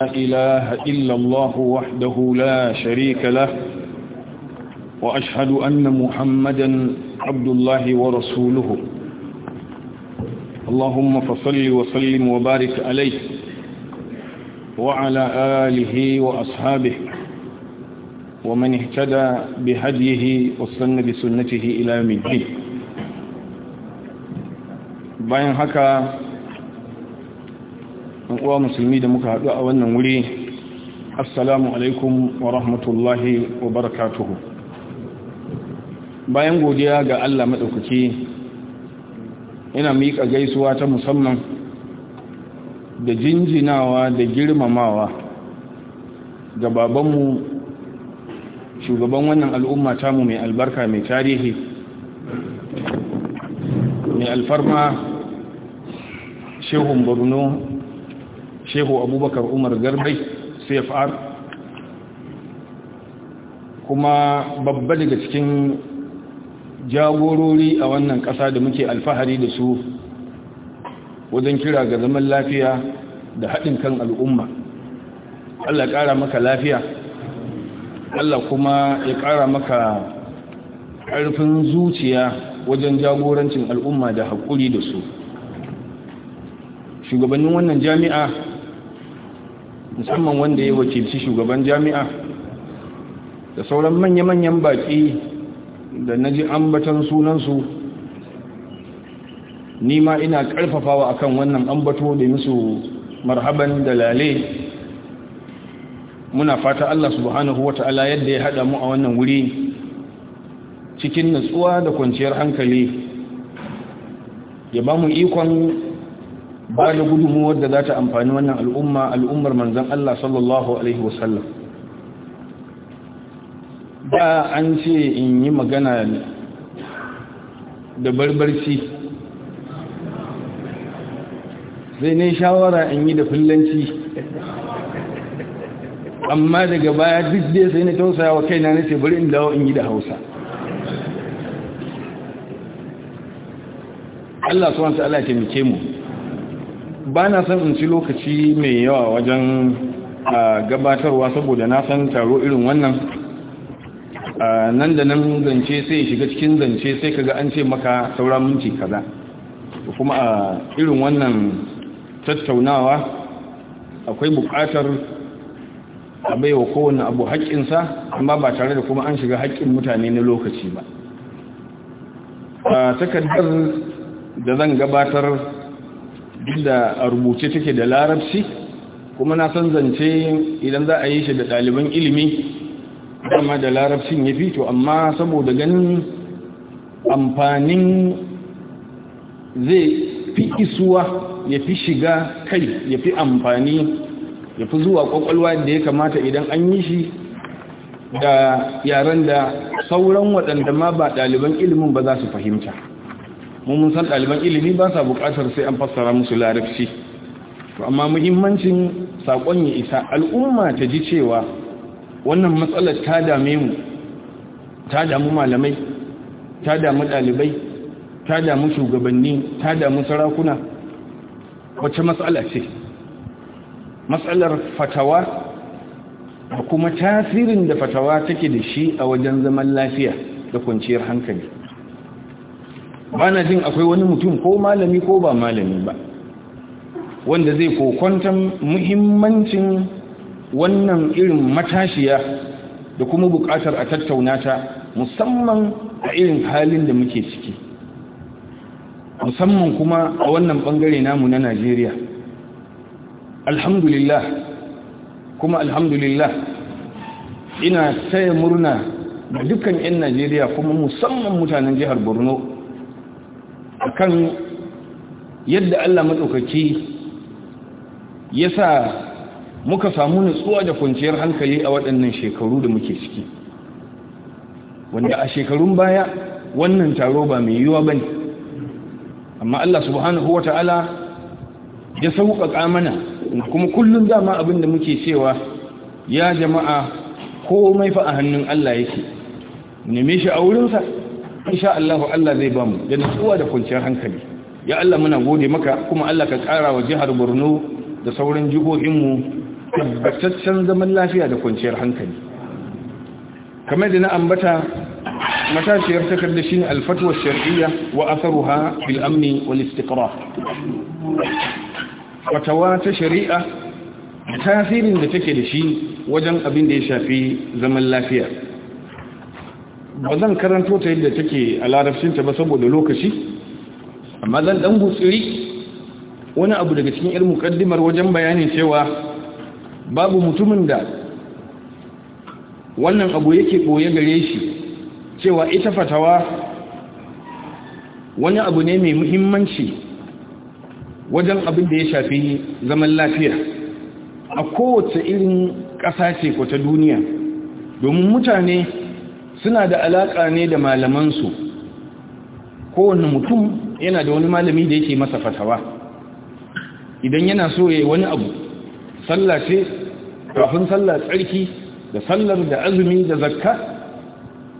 إله إلا الله وحده لا شريك له وأشهد أن محمدا عبد الله ورسوله اللهم فصل وسلم وبارك عليه وعلى آله وأصحابه ومن اهتدى بهديه وسن بسنته إلى مجده باين هكا uwa musulmi da muka haɗu a wannan wuri assalamu alaikum wa rahmatullahi wa barakatuhu bayan godiya ga Allah maɗaukaki ina miƙa gaisuwa ta musamman da jinjinawa da girmamawa ga babanmu shugaban wannan al'umma tamu mai albarka mai tarihi mai alfarma shehun borno shehu abubakar umar garbai cfr kuma babba daga cikin jagorori a wannan ƙasa da muke alfahari da su wajen kira ga zaman lafiya da haɗin kan al'umma allah ƙara maka lafiya allah kuma ya ƙara maka ƙarfin zuciya wajen jagorancin al'umma da haƙuri da su shugabannin wannan jami'a musamman wanda ya wakilci shugaban jami'a da sauran manya-manyan baƙi da na ji ambatan sunansu ni ma ina ƙarfafawa akan wannan ambato da musu marhaban da lale muna fata Allah subhanahu wa ta'ala yadda ya haɗa mu a wannan wuri cikin natsuwa da kwanciyar hankali ya ba mu ikon ba da gudunmuwar da za ta amfani wannan al'umma al'ummar manzan Allah sallallahu Alaihi wasallam ba an ce in yi magana da barbarci sai ne shawara in yi da fillanci amma daga baya duk dai sai na tausaya wa kaina na ce bari in dawo in yi da hausa Allah suwanta Allah ya taimake mu ba na son in ci lokaci mai yawa wajen gabatarwa saboda na san taro irin wannan nan da nan zance sai shiga cikin zance sai kaga an ce maka sauran minti kaza kuma a irin wannan tattaunawa akwai bukatar a baiwa kowane abu haƙƙinsa amma ba tare da kuma an shiga haƙƙin mutane na lokaci ba a takardar da zan gabatar duk a rubuce take da larabci kuma na san zance idan za a yi shi da ɗaliban ilimi amma da larabcin ya to amma saboda ganin amfanin zai fi isuwa ya fi shiga kai ya fi amfani ya fi zuwa kwakwalwa da ya kamata idan an yi shi da yaren da sauran waɗanda ma ba ɗaliban ilimin ba za su fahimta mu mun san ɗaliban ilimi ba sa buƙatar sai an fassara musu larabci to amma muhimmancin saƙon ya isa al'umma ta ji cewa wannan matsalar ta dame mu ta damu malamai ta damu ɗalibai ta damu shugabanni ta damu sarakuna wacce matsala ce matsalar fatawa da kuma tasirin da fatawa take da shi a wajen zaman lafiya da kwanciyar hankali ba na jin akwai wani mutum ko malami ko ba malami ba wanda zai kokwantan muhimmancin wannan irin matashiya da kuma bukatar a tattaunata ta musamman a irin halin da muke ciki musamman kuma a wannan bangare namu na najeriya alhamdulillah kuma alhamdulillah ina taya murna da dukkan 'yan najeriya kuma musamman mutanen jihar borno akan yadda Allah maɗaukaki ya sa muka samu nutsuwa da kwanciyar hankali a waɗannan shekaru da muke ciki wanda a shekarun baya wannan taro ba mai yiwuwa ba ne amma Allah subhanahu wa ta'ala ya sauƙaƙa mana kuma kullum dama abin da muke cewa ya jama'a komai fa a hannun Allah yake neme shi a wurinsa insha Allah Allah zai bamu da nutsuwa da kwanciyar hankali ya Allah muna gode maka kuma Allah ka ƙara wa jihar Borno da sauran jihohinmu tabbataccen zaman lafiya da kwanciyar hankali kamar da na ambata matashiyar takardar shine al shar'iyya wa atharuha bil amni wal istiqrar fatawa ta shari'a tasirin da take da shi wajen abin da ya shafi zaman lafiya ba zan karanto ta yadda take a larabcinta ba saboda lokaci amma zan dan gutsiri wani abu daga cikin irin mukaddimar wajen bayanin cewa babu mutumin da wannan abu yake ɓoye gare shi cewa ita fatawa wani abu ne mai muhimmanci wajen abin da ya shafi zaman lafiya a kowace irin ƙasa ce ko ta duniya domin mutane suna da alaƙa ne da malamansu kowane mutum yana da wani malami da yake masa fatawa idan yana so ya yi wani abu sallah ce kafin sallah tsarki da sallar da azumi da zakka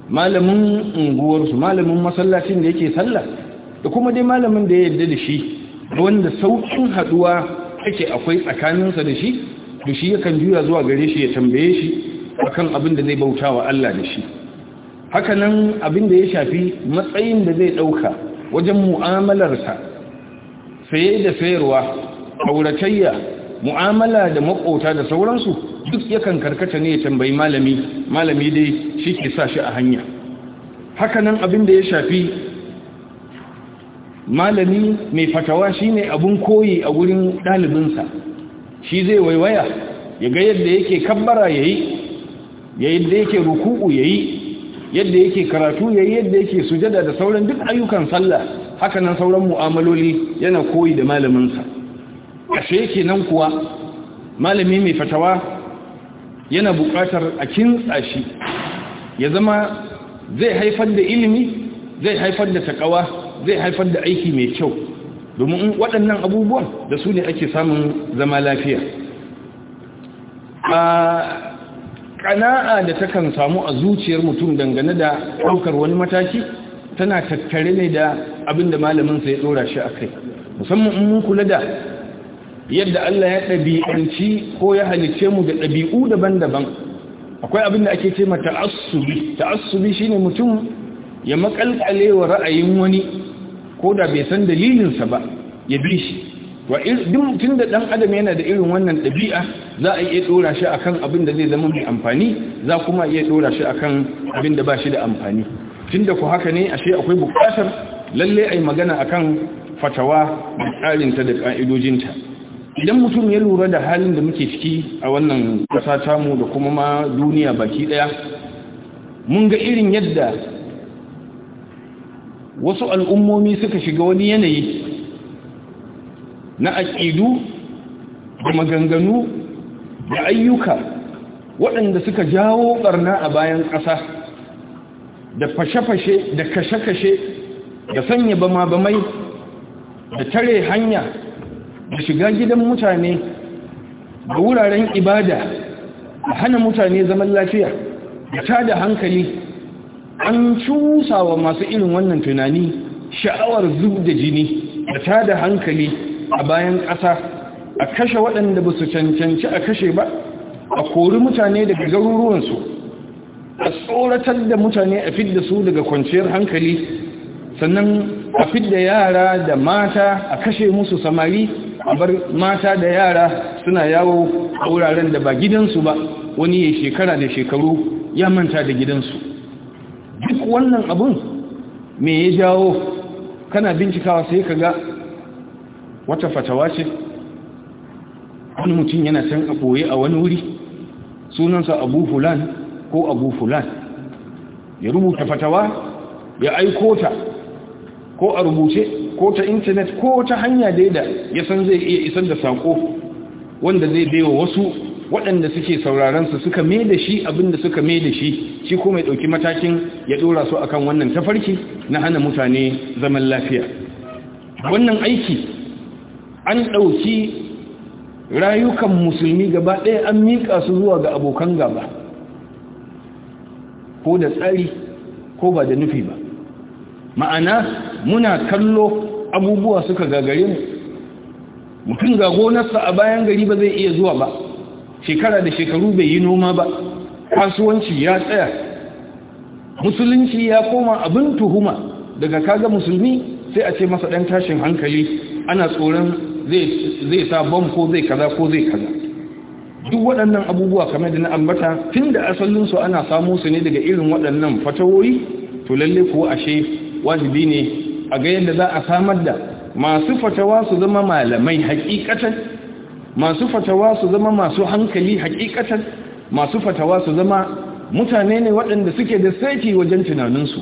malamin unguwarsu malamin masallacin da yake sallah da kuma dai malamin da ya yarda da shi wanda saukin haduwa ake akwai tsakaninsa da shi da shi yakan juya zuwa gare shi ya tambaye shi akan abin da zai bautawa Allah da shi hakanan abin da ya shafi matsayin da zai ɗauka wajen mu'amalarsa saye da sayarwa auratayya mu'amala da makota da sauransu duk yakan karkata ne ya tambayi malami malami dai shi ke sa shi a hanya hakanan abin da ya shafi malami mai fatawa shine abin koyi a wurin ɗalibinsa shi zai waiwaya ya ga yadda yake kabbara yayi yadda yake ruku'u yayi yadda yake karatu ya yi yadda yake sujada da sauran duk ayyukan sallah haka nan sauran mu'amaloli yana koyi da malaminsa ashe nan kuwa malami mai fatawa yana buƙatar a kintsa shi ya zama zai haifar da ilimi zai haifar da takawa zai haifar da aiki mai kyau domin waɗannan abubuwan da su ne ake samun zama lafiya ah, kana'a da takan samu a zuciyar mutum dangane da ɗaukar wani mataki tana tattare ne da abin da malaminsa ya ɗora shi a kai musamman in mun kula da yadda Allah ya ɗabi'anci ko ya halice mu da ɗabi'u daban-daban akwai abin da ake ce ma ta'assubi ta'assubi shine mutum ya makalkale wa ra'ayin wani ko da bai san dalilinsa ba ya bi shi wa tun da dan adam yana da irin wannan ɗabi'a za a iya ɗora shi akan abin da zai zama mai amfani za kuma iya ɗora shi akan abin da ba shi da amfani tun da ku haka ne ashe akwai buƙatar lalle ai magana akan fatawa da tsarinta da ƙa'idojinta idan mutum ya lura da halin da muke ciki a wannan ƙasa mu da kuma ma duniya baki ɗaya mun ga irin yadda wasu al'ummomi suka shiga wani yanayi na aƙidu da maganganu da ayyuka waɗanda suka jawo ɓarna a bayan ƙasa da fashe-fashe da kashe-kashe da sanya bama-bamai da tare hanya da shiga gidan mutane da wuraren ibada da hana mutane zaman lafiya da ta da hankali an cusa wa masu irin wannan tunani sha'awar zub da jini da ta da hankali a bayan ƙasa a kashe waɗanda ba su cancanci a kashe ba a kori mutane daga garuruwansu a tsoratar da mutane a fidda su daga kwanciyar hankali sannan a fidda yara da mata a kashe musu samari a bar mata da yara suna yawo a wuraren da ba gidansu ba wani ya shekara da shekaru ya manta da gidansu duk wannan abun me ya jawo kana bincikawa sai ka ga wata fatawa ce wani mutum yana can a ɓoye a wani wuri sunansa abu fulan ko abu fulan ya rubuta fatawa ya aiko ta ko a rubuce ko ta intanet ko ta hanya daida ya san zai iya isar da sako wanda zai baiwa wasu waɗanda suke saurarensa suka mai da shi abinda suka mai da shi shi ko mai ɗauki matakin ya ɗora su akan wannan tafarki na hana mutane zaman lafiya wannan aiki an ɗauki rayukan musulmi gaba ɗaya an miƙa su zuwa ga abokan gaba ko da tsari ko ba da nufi ba ma'ana muna kallo abubuwa suka gagare mu mutum ga gonarsa a bayan gari ba zai iya zuwa ba shekara da shekaru bai yi noma ba kasuwanci ya tsaya musulunci ya koma abin tuhuma daga kaga musulmi sai a ce masa ɗan tashin hankali ana tsoron zai sa bam ko zai kaza ko zai kaza duk waɗannan abubuwa kamar da na ambata tun da su ana samu su ne daga irin waɗannan fatawoyi to lalle ko ashe wajibi ne a ga yadda za a samar da masu fatawa su zama malamai hakikatan masu fatawa su zama masu hankali hakikatan masu fatawa su zama mutane ne waɗanda suke da saiti wajen tunaninsu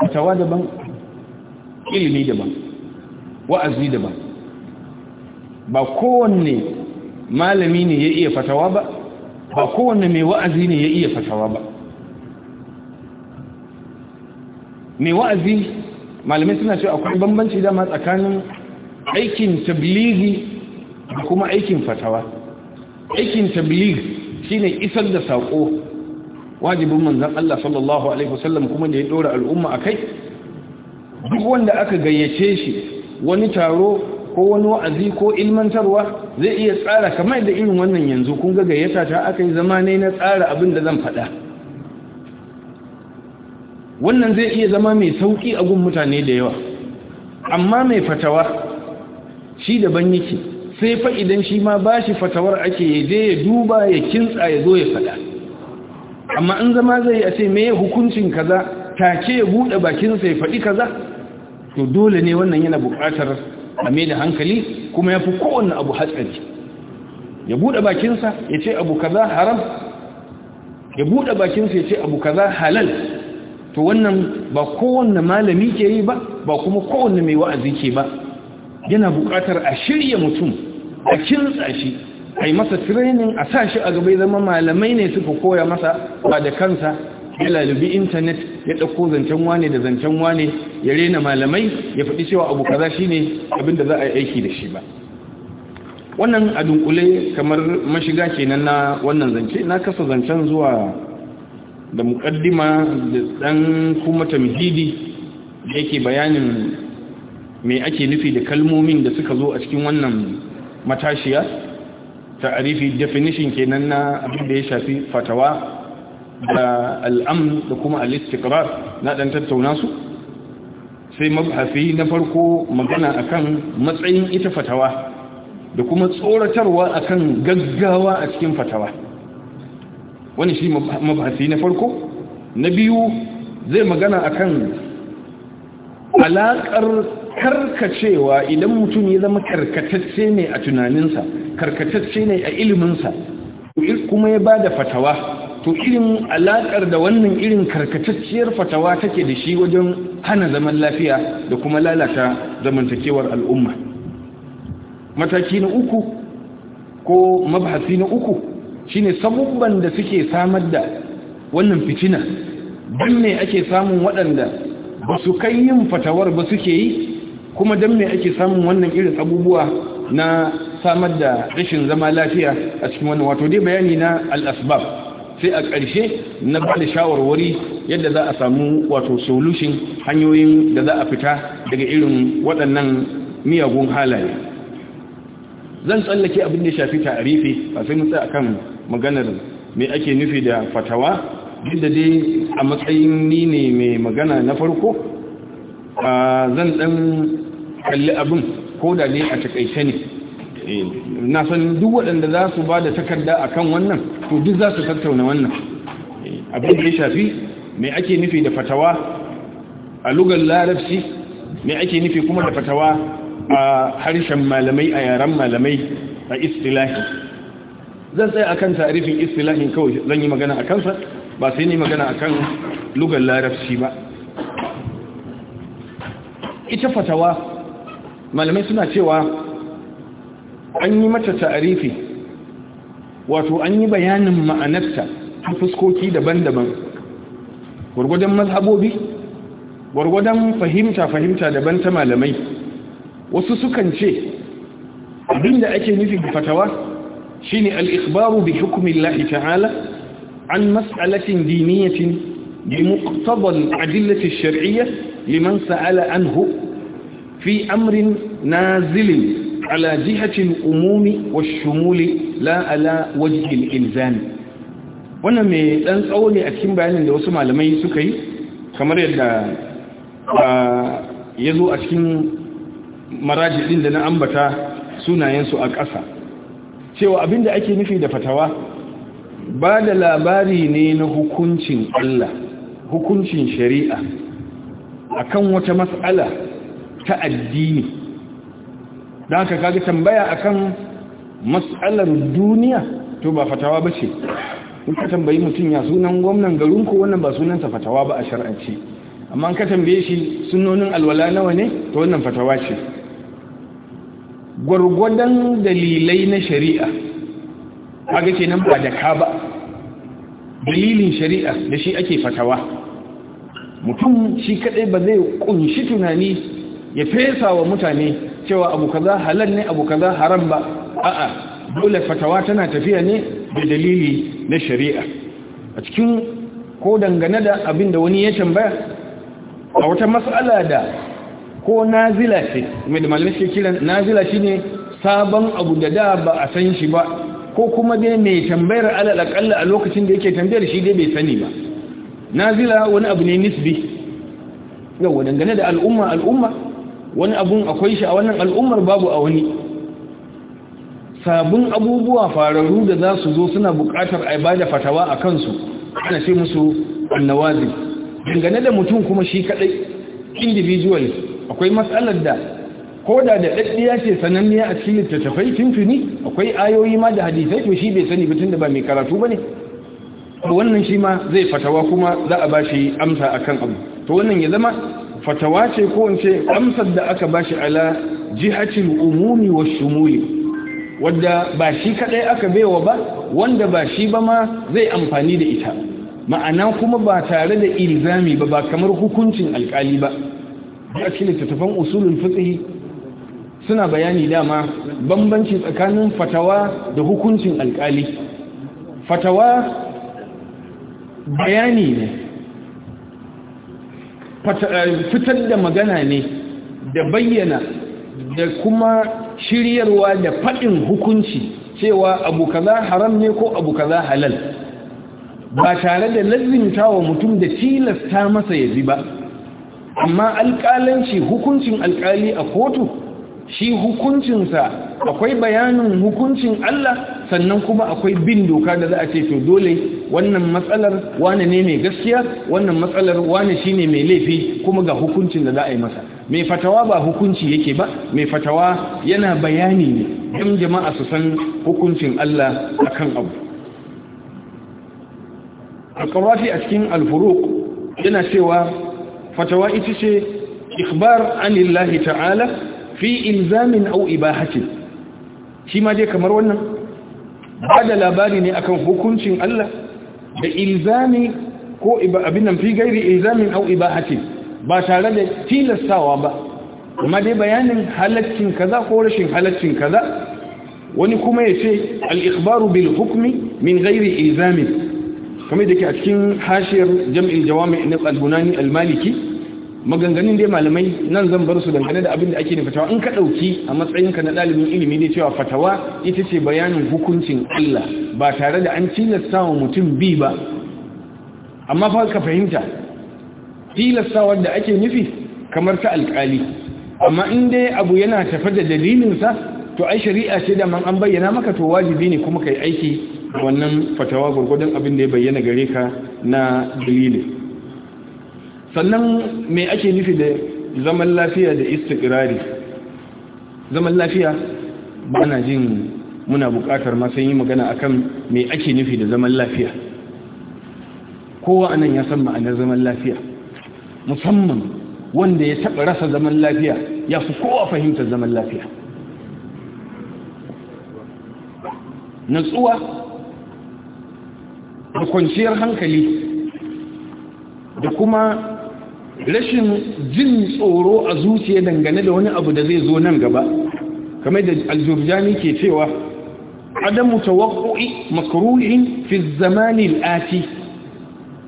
fatawa daban ilimi daban wa'azi daban ba kowanne malami ne ya iya fatawa ba ba kowanne mai wa'azi ne ya iya fatawa ba mai wa'azi malamai suna cewa akwai bambanci dama tsakanin aikin tabligi da kuma aikin fatawa aikin tablig shine isar da sako wajibin manzon Allah sallallahu alaihi wasallam kuma da ya dora al'umma a kai duk wanda aka gayyace shi wani taro ko wani wa'azi ko ilmantarwa zai iya tsara kamar da irin wannan yanzu kun ga gayyata ta aka yi zama ne na tsara abin da zan faɗa wannan zai iya zama mai sauƙi a gun mutane da yawa amma mai fatawa shi daban yake sai fa idan shi ma ba shi fatawar ake ya je ya duba ya kintsa ya zo ya faɗa amma in zama zai a ce me hukuncin kaza take ya buɗe bakinsa ya faɗi kaza to dole ne wannan yana buƙatar a mai da hankali kuma ya fi kowanne abu hatsari ya buɗe bakinsa ya ce abu kaza haram ya buɗe bakinsa ya ce abu kaza halal to wannan ba kowanne malami ke yi ba ba kuma kowanne mai wa'azi ke ba yana buƙatar a shirya mutum a kinsa shi a yi masa training a sa shi a gaba zama malamai ne suka koya masa ba da kansa ya lalubi intanet ya ɗauko zancen wane da zancen wane ya rena malamai ya faɗi cewa abu kaza shine abin da za a yi aiki da shi ba wannan a dunkule kamar mashiga kenan na wannan zance na kasa zancen zuwa da mukaddima da ɗan kuma tamhidi da yake bayanin mai ake nufi da kalmomin da suka zo a cikin wannan matashiya ta ta'arifi definition kenan na abin da ya shafi fatawa da al'amn da kuma al na ɗan tattauna su sai mabhafi na farko magana akan matsayin ita fatawa da kuma tsoratarwa akan gaggawa a cikin fatawa wani shi mabhafi na farko na biyu zai magana akan alaƙar karkacewa idan mutum ya zama karkatacce ne a tunaninsa karkatacce ne a iliminsa kuma ya ba da fatawa to irin alaƙar da wannan irin karkatacciyar fatawa take da shi wajen hana zaman lafiya da kuma lalata zamantakewar al'umma mataki na uku ko mabhasi na uku shine sabubban da suke samar da wannan fitina don me ake samun waɗanda ba su kai yin fatawar ba suke yi kuma don me ake samun wannan irin abubuwa na samar da rashin zama lafiya a cikin wannan wato dai bayani na al'asbab sai a ƙarshe na ba da shawarwari yadda za a samu wato solution hanyoyin da za a fita daga irin waɗannan miyagun halaye zan tsallake abin da shafi ta'arifi a sai mun tsaya kan maganar me ake nufi da fatawa duk da dai a matsayin ni ne mai magana na farko zan ɗan kalli abin ko da ne a takaice ne Eh. na san duk waɗanda za su ba da takarda a kan wannan to duk za su tattauna wannan eh. abin da ya shafi mai ake nufi da fatawa a lugar larabci mai ake nufi kuma da fatawa a harshen malamai a yaren malamai a istilahi zan tsaye a kan tarifin istilahin kawai zan yi magana a kansa ba sai ne magana a kan lugar larabci ba ita fatawa malamai suna cewa an yi mata ta'arifi wato an yi bayanin ma'anarta ta fuskoki daban-daban gwargwadon mazhabobi gwargwadon fahimta-fahimta daban ta malamai wasu sukan ce abinda ake nufi da fatawa shine al-ikhbaru bi hukmi Allah ta'ala an mas'alatin diniyatin bi muqtadal adillati ash-shar'iyyah liman sa'ala anhu fi amrin nazilin ala jihatin umumi wa shumuli la ala wajhil ilzami wannan mai ɗan tsawo a cikin bayanin da wasu malamai suka yi kamar yadda ya zo a cikin marajidin da na ambata sunayensu a ƙasa cewa abinda ake nufi da fatawa ba da labari ne na hukuncin Allah hukuncin shari'a akan wata mas'ala ta addini don haka kaga tambaya a kan matsalar duniya to ba fatawa ba ce in ka tambayi mutum ya sunan gwamnan garin ku. wannan ba sunansa fatawa ba a shar'ance amma ka tambaye shi sunonin alwala nawa ne to wannan fatawa ce gwargwadon dalilai na shari'a kaga kenan ba da ka ba dalilin shari'a da shi ake fatawa mutum shi kadai ba zai kunshi tunani ya fesa wa mutane cewa abu kaza halal ne abu kaza haram ba a'a dole fatawa tana tafiya ne da dalili na shari'a a cikin ko dangane da abin da wani ya tambaya a wata mas'ala da ko nazila ce mai da malamai ke kiran nazila shine sabon abu da da ba a san shi ba ko kuma dai mai tambayar alal akalla a lokacin da yake tambayar shi dai bai sani ba nazila wani abu ne nisbi yau dangane da al'umma al'umma wani abun akwai shi a wannan al'ummar babu a wani sabon abubuwa fararru da za su zo suna buƙatar a bada fatawa a kansu ana ce musu annawazi dangane da mutum kuma shi kaɗai individual akwai matsalar da ko da da ɗaɗɗiya ce sananniya a cikin littattafai fimfini akwai ayoyi ma da hadisai to shi bai sani batun da ba mai karatu ba ne wannan shi ma zai fatawa kuma za a ba shi amsa a kan abu to wannan ya zama fatawa ce ko in amsar da aka ba shi ala jihatil umumi wa shumuli wadda ba shi kadai aka baiwa ba wanda ba shi ba ma zai amfani da ita ma'ana kuma ba tare da ilzami ba ba kamar hukuncin alkali ba a cikin littattafan usulul fiqh suna bayani dama bambanci tsakanin fatawa da hukuncin alkali fatawa bayani ne Eh, fitar da magana ne da bayyana da kuma shiryarwa da faɗin hukunci cewa abu kaza haram ne ko abu kaza halal ba tare da lazimta wa mutum da tilasta masa ya bi ba amma alƙalanci hukuncin alƙali a kotu shi hukuncinsa akwai bayanin hukuncin Allah sannan kuma akwai bin doka da za a ce to dole wannan matsalar wane ne mai gaskiya wannan matsalar wane ne mai laifi kuma ga hukuncin da za a yi masa mai fatawa ba hukunci yake ba mai fatawa yana bayani ne 'yan jama'a su san hukuncin Allah akan abu alƙarwafi a cikin alfuruk yana cewa fatawa ita ce ikbar anillahi ta'ala fi ilzamin au ibahatin shi ma dai kamar wannan ba da labari ne akan hukuncin Allah da ilzami ko abin nan fi gairi ilzamin au ibahatin ba tare da tilastawa ba amma dai bayanin halaccin kaza ko rashin halaccin kaza wani kuma ya ce al-ikhbaru bil hukmi min gairi ilzamin kamar da ke a cikin hashiyar jam'in jawami na al'unani al-maliki maganganun dai malamai nan zan bar su dangane da abin da ake da fatawa in ka ɗauki a matsayinka na ɗalibin ilimi ne cewa fatawa ita ce bayanin hukuncin Allah ba tare da an tilasta wa mutum bi ba amma fa ka fahimta tilasta wanda ake nufi kamar ta alƙali amma in dai abu yana tafe da dalilinsa to ai shari'a ce da man an bayyana maka to wajibi ne kuma kai aiki wannan fatawa gurgurdan abin da ya bayyana gare ka na dalilin sannan me ake nufi da zaman lafiya da istikirari zaman lafiya ba na jin muna buƙatar ma sun yi magana akan me ake nufi da zaman lafiya kowa anan ya san ma'anar zaman lafiya musamman wanda ya taɓa rasa zaman lafiya ya fi kowa fahimtar zaman lafiya natsuwa da kwanciyar hankali da kuma rashin jin tsoro a zuciya dangane da wani abu da zai zo nan gaba kamar da aljurjani ke cewa adamu ta makruhin fi zamani al-ati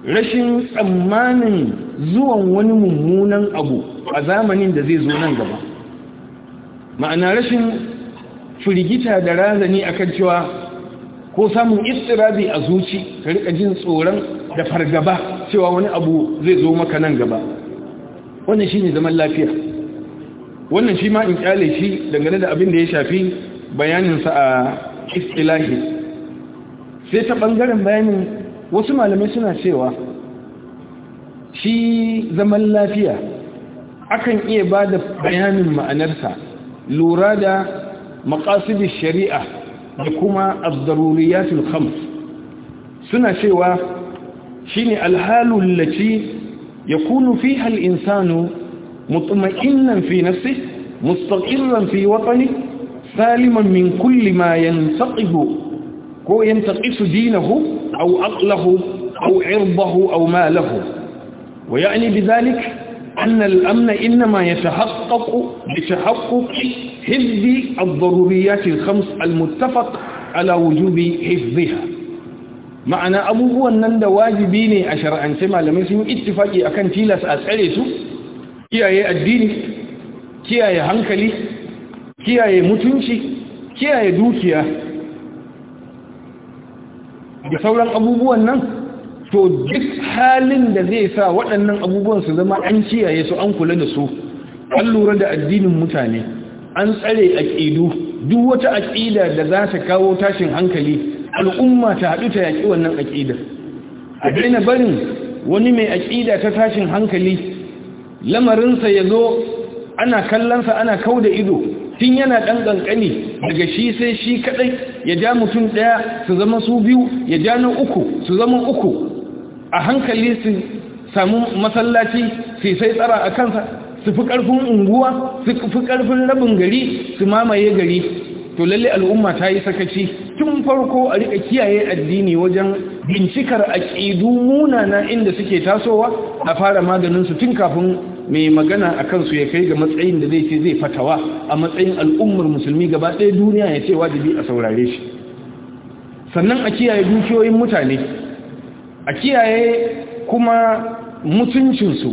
rashin tsammanin zuwan wani mummunan abu a zamanin da zai zo nan gaba ma'ana rashin firgita da razani akan cewa ko samun istirabi a zuci ka rika jin tsoron da fargaba cewa wani abu zai zo maka nan gaba wannan ne zaman lafiya wannan shi ma in kyale shi dangane da abin da ya shafi bayaninsa a istilahi sai ta ɓangaren bayanin wasu malamai suna cewa shi zaman lafiya akan iya ba da bayanin ma'anarsa lura da makasidin shari'a da kuma azdaruriyatul khams suna cewa shine alhalun lati يكون فيها الإنسان مطمئنا في نفسه مستقرا في وطنه سالما من كل ما ينتقه هو ينتقص دينه أو عقله أو عرضه أو ماله ويعني بذلك أن الأمن إنما يتحقق بتحقق حفظ الضروريات الخمس المتفق على وجوب حفظها ma'ana abubuwan nan da wajibi ne a shar'ance malamai sun ittifaki akan tilas a tsare su kiyaye addini kiyaye hankali kiyaye mutunci kiyaye dukiya da sauran abubuwan nan to duk halin da zai sa waɗannan abubuwan su zama an kiyaye su an kula da su an lura da addinin mutane an tsare aƙidu duk wata aƙida da za ta kawo tashin hankali al'umma ta haɗu ta yaƙi wannan aƙidar a daina barin wani mai aƙida ta tashin hankali lamarinsa ya zo ana kallonsa ana kau da ido tun yana ɗan ƙanƙani daga shi sai shi kaɗai ya ja mutum ɗaya su zama su biyu ya ja na uku su zama uku a hankali su samu masallaci su sai tsara a kansa su fi ƙarfin unguwa su fi ƙarfin rabin gari su mamaye gari to lalle al'umma ta yi sakaci tun farko a rika kiyaye addini wajen bincikar aƙidu munana inda suke tasowa a fara maganin su tun kafin mai magana a kansu ya kai ga matsayin da zai ce zai fatawa a matsayin al'ummar musulmi gaba ɗaya duniya ya ce wajibi a saurare shi sannan a kiyaye dukiyoyin mutane a kiyaye kuma mutuncinsu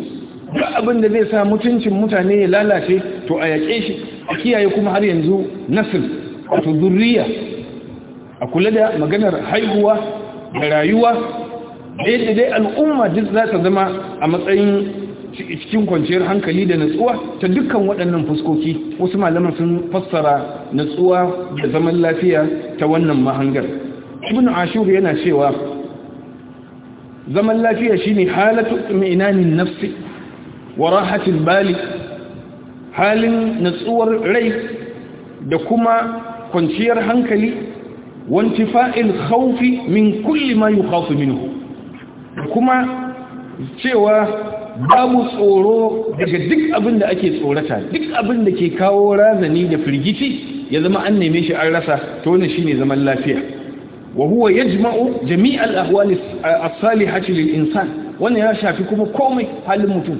duk abin da zai sa mutuncin mutane ya lalace to a yaƙe shi a kiyaye kuma har yanzu nasir wato zurriya a kula da maganar haihuwa da rayuwa da yadda dai al'umma duk za ta zama a matsayin cikin kwanciyar hankali da natsuwa ta dukkan waɗannan fuskoki wasu malaman sun fassara natsuwa da zaman lafiya ta wannan mahangar ibn ashur yana cewa zaman lafiya shine halatu itminanin nafsi wa rahatil bali halin natsuwar rai da kuma kwanciyar hankali fa'in haufi min kulli ma haufi minhu kuma cewa babu tsoro daga duk abin da ake tsorata duk abin da ke kawo razani da firgici ya zama an neme shi an rasa to shi shine zaman lafiya wa huwa yajma'u jami'al ahwal as-salihati lil insan wani ya shafi kuma komai halin mutum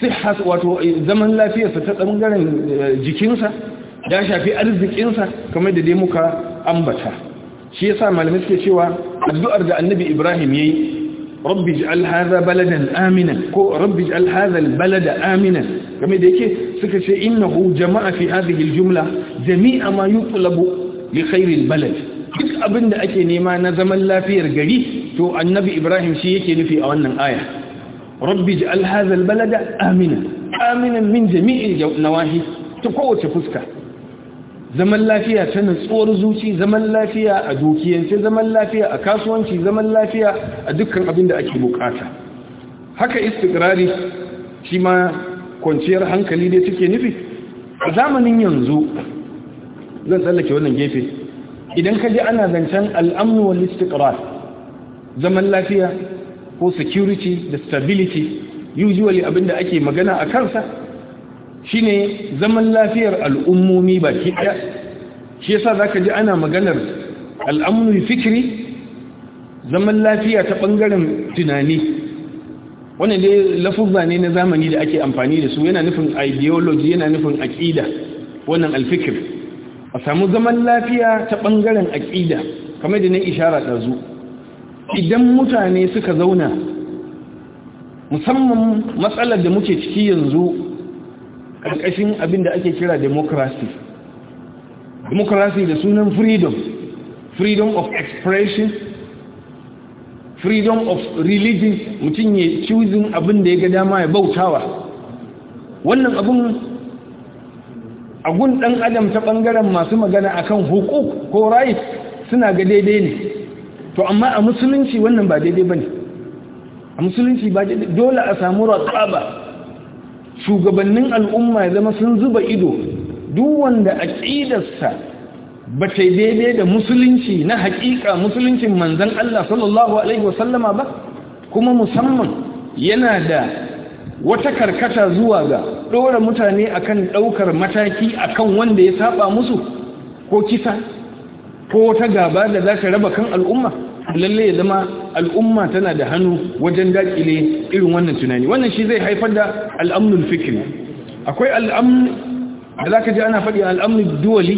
sihha wato zaman lafiyarsa ta bangaren jikinsa ya shafi arzikinsa kamar da dai muka ambata shi yasa malamai suke cewa addu'ar da annabi ibrahim yayi rabbi ij'al hadha baladan aminan ko rabbi ij'al hadha albalada aminan kamar da yake suka ce innahu jama'a fi hadhihi aljumla jami'a ma yutlabu li khairi albalad duk abinda ake nema na zaman lafiyar gari to annabi ibrahim shi yake nufi a wannan aya rabbi ij'al hadha albalada aminan aminan min jami'i nawahi ta kowace fuska zaman lafiya ta nutsuwar zuci zaman lafiya a dukiyance zaman lafiya a kasuwanci zaman lafiya a dukkan abin da ake bukata haka istikrari shi ma kwanciyar hankali dai take nufi a zamanin yanzu zan tsallake wannan gefe idan ka ji ana zancen al'amnu wal istiqrar zaman lafiya ko security da stability usually da ake magana a kansa shine zaman lafiyar al'ummomi baki ɗaya shi yasa zaka ji ana maganar al'amnu fikiri zaman lafiya ta bangaren tunani wannan dai lafuzza ne na zamani da ake amfani da su yana nufin ideology yana nufin aƙida wannan alfikir a samu zaman lafiya ta ɓangaren aƙida kamar da na ishara ɗazu idan mutane suka zauna musamman matsalar da muke ciki yanzu ƙarƙashin abin da ake kira democracy democracy da sunan freedom freedom of expression freedom of religion mutum ya cuzin abin da ya ga dama ya bautawa wannan abin agun ɗan adam ta ɓangaren masu magana akan hukuk ko rights suna ga daidai ne to amma a musulunci wannan ba daidai ba ne a musulunci ba daidai dole a samu ba. shugabannin al'umma ya zama sun zuba ido duk wanda aqidarsa ba ta daidai da musulunci na haƙiƙa musuluncin manzon Allah sallallahu alaihi wasallama ba kuma musamman yana da wata karkata zuwa ga ɗora mutane akan ɗaukar mataki akan wanda ya saba musu ko kisa ko wata gaba da za ta raba kan al'umma lalle ya zama al'umma tana da hannu wajen dakile irin wannan tunani wannan shi zai haifar da al'amnul fikri akwai al'amn da zaka ji ana faɗi al'amnul duwali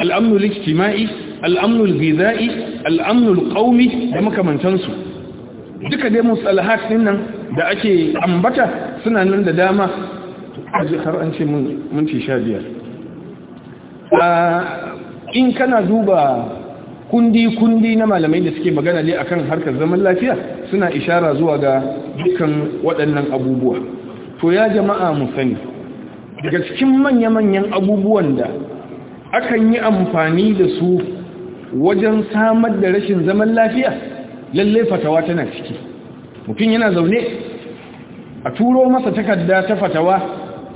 al'amnul ijtima'i al'amnul gizai al'amnul qaumi da makamantansu duka dai musalahat nan da ake ambata suna nan da dama har an ce mun ci sha biyar ah, in kana duba kundi-kundi na malamai da suke magana ne akan harkar zaman lafiya suna ishara zuwa ga dukkan waɗannan abubuwa to ya jama'a mu sani daga cikin manya-manyan abubuwan da akan yi amfani da su wajen samar da rashin zaman lafiya lallai fatawa tana ciki mutum yana zaune a turo masa takarda ta fatawa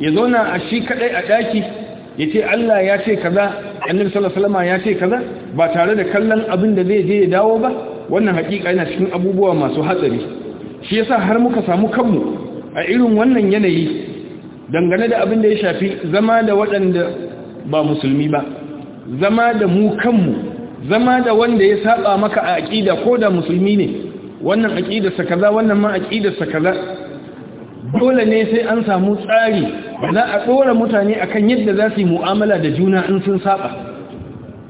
ya zauna a shi kadai a daki ya ce Allah ya ce kaza annabi sallallahu ya ce kaza ba tare da kallon abin da zai je ya dawo ba wannan hakika yana cikin abubuwa masu hatsari shi yasa har muka samu kanmu a irin wannan yanayi dangane da abin da ya shafi zama da waɗanda ba musulmi ba zama da mu kanmu zama da wanda ya saba maka a aqida ko da musulmi ne wannan aqidarsa kaza wannan ma aqidarsa kaza dole ne sai an samu tsari za a tsora mutane akan yadda za su yi mu'amala da juna in sun saba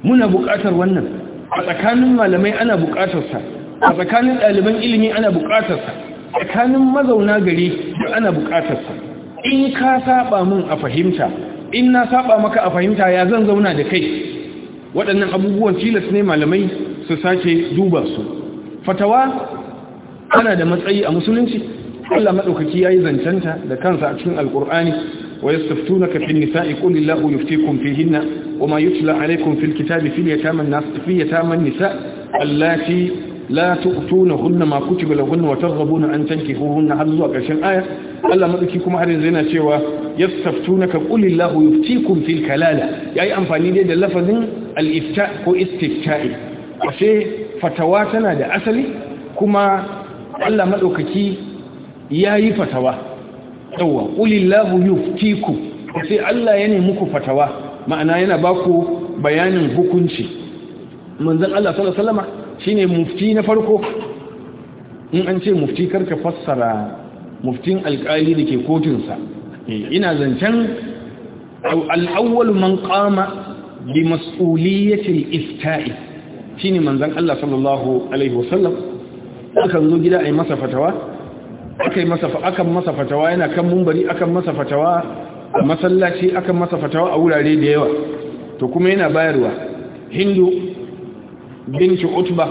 muna buƙatar wannan a tsakanin malamai ana buƙatarsa a tsakanin ɗaliban ilimi ana buƙatarsa tsakanin mazauna gari ana buƙatarsa in ka saba min a fahimta in na saba maka a fahimta ya zan zauna da kai waɗannan abubuwan tilas ne malamai su sake duba su fatawa ana da matsayi a musulunci Allah madaukaki yi zancanta da kansa a cikin alqur'ani wayastaftunaka fi nisa'i qul lahu yuftikum fihinna wama yutla alaykum fil kitabi fil yatama an-nas fi yatama an-nisa' allati la tu'tunahunna ma kutiba lahunna wa targhabuna an tankihuhunna hadhu akashin aya Allah madaukaki kuma har yanzu yana cewa yastaftunaka ya lahu yuftikum fil kalala yayi amfani dai da lafazin al-ifta' ko istifta'i ashe fatawa tana da asali kuma Allah madaukaki ya yi fatawa yawa ƙulillahu yuftiku sai Allah ya nemi ku fatawa ma'ana yana ba ku bayanin hukunci manzon Allah sallallahu alaihi wasallam shine mufti na farko in an ce mufti karka fassara muftin alƙali da ke kotunsa eh, ina zancen al'awwal man qama bi mas'uliyatil ifta'i shine manzon Allah sallallahu alaihi wasallam akan zo gida a yi masa fatawa akai masa akan masa fatawa yana kan mumbari akan masa fatawa masallaci akan masa fatawa a wurare da yawa to kuma yana bayarwa hindu binti utba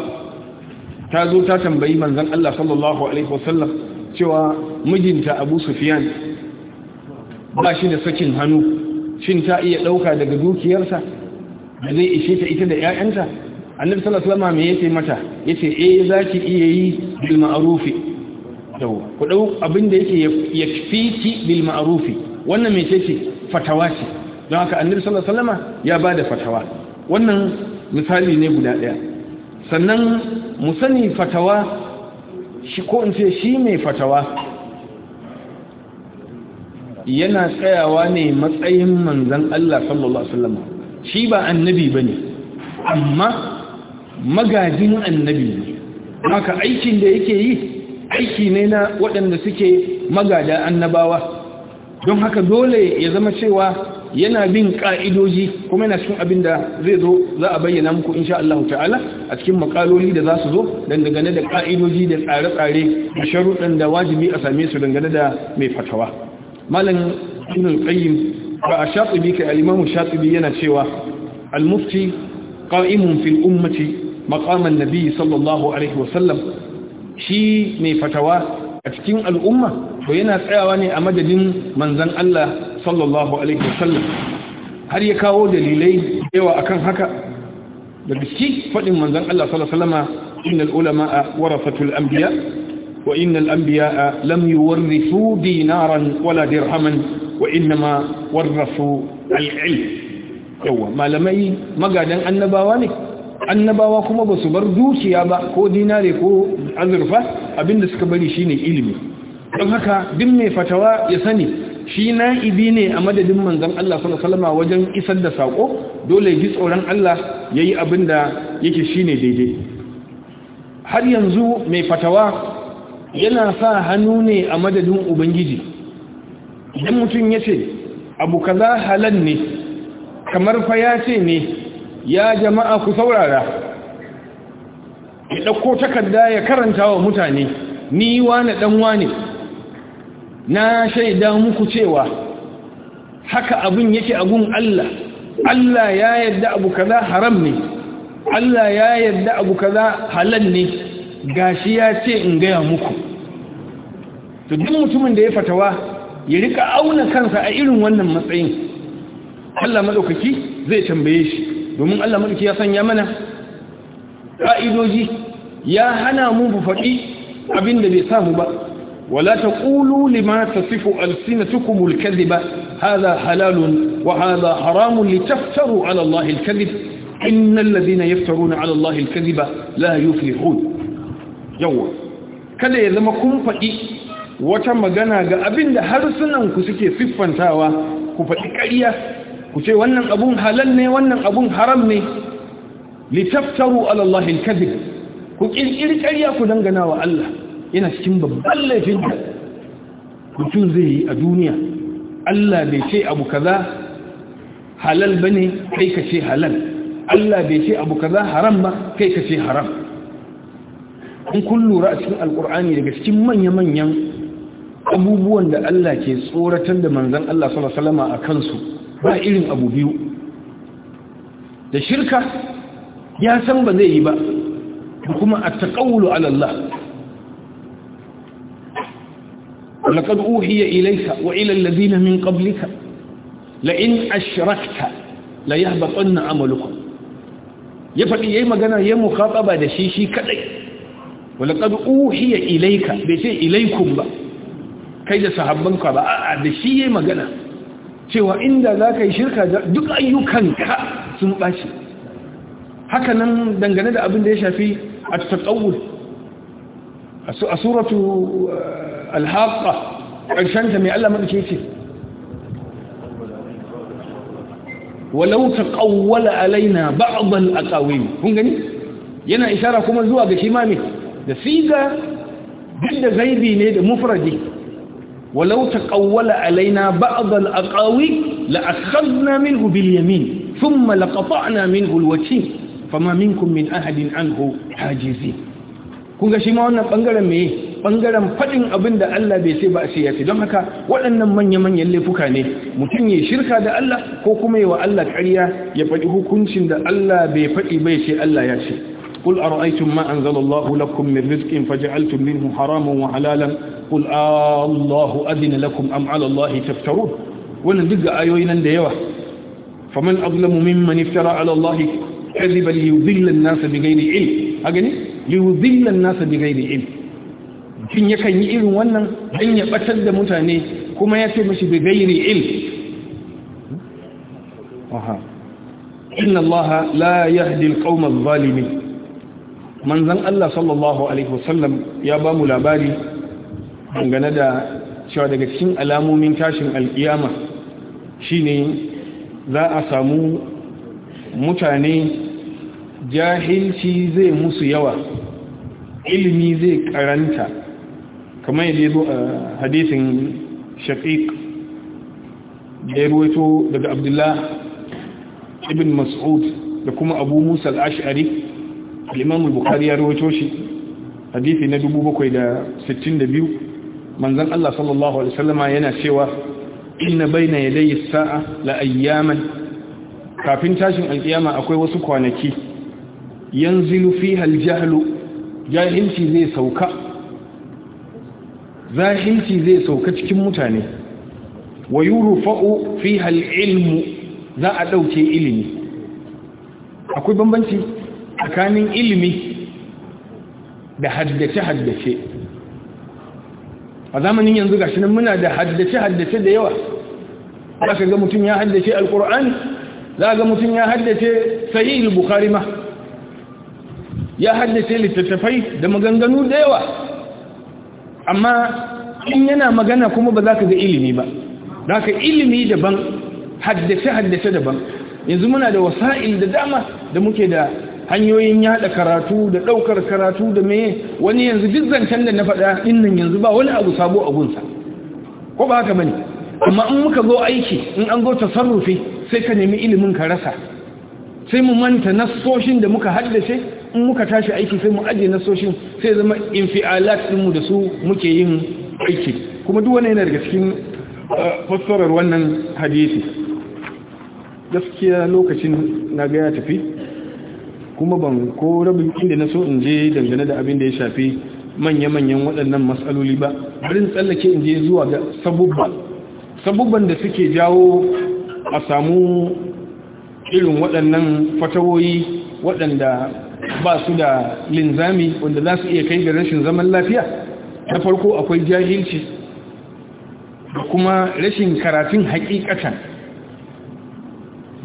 ta zo ta tambayi manzan Allah sallallahu alaihi wasallam cewa mijinta Abu Sufyan ba shi da sakin hannu shin ta iya dauka daga dukiyarsa da zai ishe ta ita da ƴaƴanta annabi sallallahu alaihi wasallam me yace mata yace eh zaki iya yi bil ma'rufi yau ku dau abin da yake yakfiki bil ma'ruf wannan me ce fatawa ce don haka annabi sallallahu alaihi wasallama ya bada fatawa wannan misali ne guda daya sannan mu sani fatawa shi ko in ce shi mai fatawa yana tsayawa ne matsayin manzon Allah sallallahu alaihi wasallama shi ba annabi bane amma magajin annabi ne haka aikin da yake yi aiki ne na waɗanda suke magada annabawa don haka dole ya zama cewa yana bin ka'idoji kuma yana cikin abin da zai zo za a bayyana muku insha Allah ta'ala a cikin makaloli da za su zo dangane da ka'idoji da tsare-tsare a sharuɗan da wajibi a same su dangane da mai fatawa malam ibn al-qayyim ba a shatibi ka al-imam yana cewa almufti mufti fil ummati maqaman nabi sallallahu alaihi wa sallam shi mai fatawa a cikin al'umma to yana tsayawa ne a madadin manzon Allah sallallahu alaihi wasallam har ya kawo dalilai yawa akan haka da biski faɗin manzon Allah sallallahu alaihi wasallama innal ulama warasatul anbiya wa innal anbiya lam yuwarrisu dinaran wala dirhaman wa innama warrasu al-ilm yawa malamai magadan annabawa ne annabawa kuma ba su bar dukiya ba ko dinare ko azurfa abinda suka bari shine ilimi don haka duk mai fatawa ya sani shi na'ibi ne a madadin manzon Allah sallallahu alaihi wajen isar da sako dole ji tsoron Allah yayi abinda yake shine daidai har yanzu mai fatawa yana sa hannu ne a madadin ubangiji idan mutum ya ce abu kaza halal ne kamar fa ya ce ne ya jama'a ku saurara ya ɗauko takarda ya karanta wa mutane ni wani ɗan ne na shaida muku cewa haka abin yake gun Allah Allah ya yarda abu kaza haram ne Allah ya yarda abu kaza halal ne gashi ya ce in gaya muku to duk mutumin da ya fatawa ya rika auna kansa a irin wannan matsayin Allah madaukaki zai tambaye shi domin Allah mulki ya sanya mana ƙa'idoji ya hana mu bu faɗi abin da bai samu ba wala taqulu lima tasifu alsinatukum alkadhiba hadha halalun wa hadha haramun litaftaru ala Allah alkadhib innal ladina yaftaruna ala Allah alkadhiba la yuflihun yawa kada ya zama kun faɗi wata magana ga abin da harsunan ku suke siffantawa ku faɗi ƙarya ku ce wannan abun halal ne wannan abun haram ne litaftaru ala Allah al-kadhib ku kirkiri ƙarya ku dangana wa Allah yana cikin babban laifin da mutum zai yi a duniya Allah bai ce abu kaza halal bane kai ka ce halal Allah bai ce abu kaza haram ba kai ka ce haram in kun lura a cikin alkur'ani daga cikin manya-manyan abubuwan da Allah ke tsoratar da manzan Allah sallallahu alaihi wasallam a kansu ba irin abu biyu da shirka ya san ba zai yi ba kuma a taƙaulu alallah لقد أوحي إليك وإلى الذين من قبلك لئن أشركت Ya faɗi ya yi magana yayi ba da shi shi kadai walaqad uhiya ilaika, bai ce ilaikum ba kai da sahabbanka ba a'a da shi yayi magana cewa inda za ka yi shirka duk ayyukanka sun ɓaci haka nan dangane da abin da ya shafi a tattawul a suratu eh, alhaƙa ƙarshenta mai Allah maɗa ce walau ta ƙawwala alaina ba'adal a ƙawai kun gani yana ishara kuma zuwa ga shi da siga duk da zaibi ne da mufradi ولو تقول علينا بعض الأقاويل لأخذنا منه باليمين ثم لقطعنا منه الوتين فما منكم من أحد عنه حاجزين kunga shi ma wannan bangaren meye bangaren fadin abin da Allah bai sai ba a ya don haka waɗannan manya-manyan laifuka ne mutum ya shirka da Allah ko kuma yi wa Allah ƙarya ya faɗi hukuncin da Allah bai faɗi bai sai Allah ya ce قل أرأيتم ما أنزل الله لكم من رزق فجعلتم منه حراما وحلالا قل آه، الله أذن لكم أم على الله تفترون ونزق آيوين ديوة فمن أظلم ممن افترى على الله كذبا ليضل الناس بغير علم أجل ليضل الناس بغير علم كن يكن يئل وانا أن يبتل متاني كما يتمش بغير علم إن الله لا يهدي القوم الظالمين manzan Allah sallallahu alaihi wasallam ya ba mu labari dangane da cewa daga cikin alamomin tashin alkiyama shine za a samu mutane jahilci zai musu yawa ilimi zai karanta kamar yadda yazo a hadisin shaqiq da ya daga abdullah ibn mas'ud da kuma abu musa al-ash'ari al-imam al-bukhari ya rawaito shi hadisi na 762 manzon Allah sallallahu alaihi wasallama yana cewa inna bayna yadayi as-sa'a la ayyaman kafin tashin al'iyama akwai wasu kwanaki yanzu fiha al-jahlu jahilci zai sauka zahilci zai sauka cikin mutane wa yurfa'u fiha al-ilmu za a ɗauke ilimi akwai bambanci tsakanin ilimi da haddace-haddace a zamanin yanzu gashi nan muna da haddace-haddace da yawa za ka ga mutum ya haddace alkur'ani za ga mutum ya haddace sahih bukari ma ya haddace littattafai da maganganu da yawa amma in yana magana kuma ba za ka ga ilimi ba za ka ilimi daban haddace-haddace daban yanzu muna da wasa'il da dama da muke da hanyoyin yada karatu da daukar karatu da me wani yanzu duk zancen da na faɗa dinnan yanzu ba wani abu sabo a gunsa ko ba haka bane amma in muka zo aiki in an zo tasarrufi sai ka nemi ilimin ka rasa sai mu manta nasoshin da muka haddace in muka tashi aiki sai mu aje nasoshin sai zama infialat mu da su muke yin aiki kuma duk wani yana daga cikin eh, fassarar wannan hadisi gaskiya lokacin na ga ya tafi kuma ban ko rabin inda na so in je dangane da abin da ya shafi manya-manyan waɗannan matsaloli ba barin tsallake in je zuwa ga sabubban sabubban da suke jawo a samu irin waɗannan fatawoyi waɗanda ba su da linzami wanda za su iya kai ga rashin zaman lafiya na farko akwai jahilci da kuma rashin karatun haƙiƙatan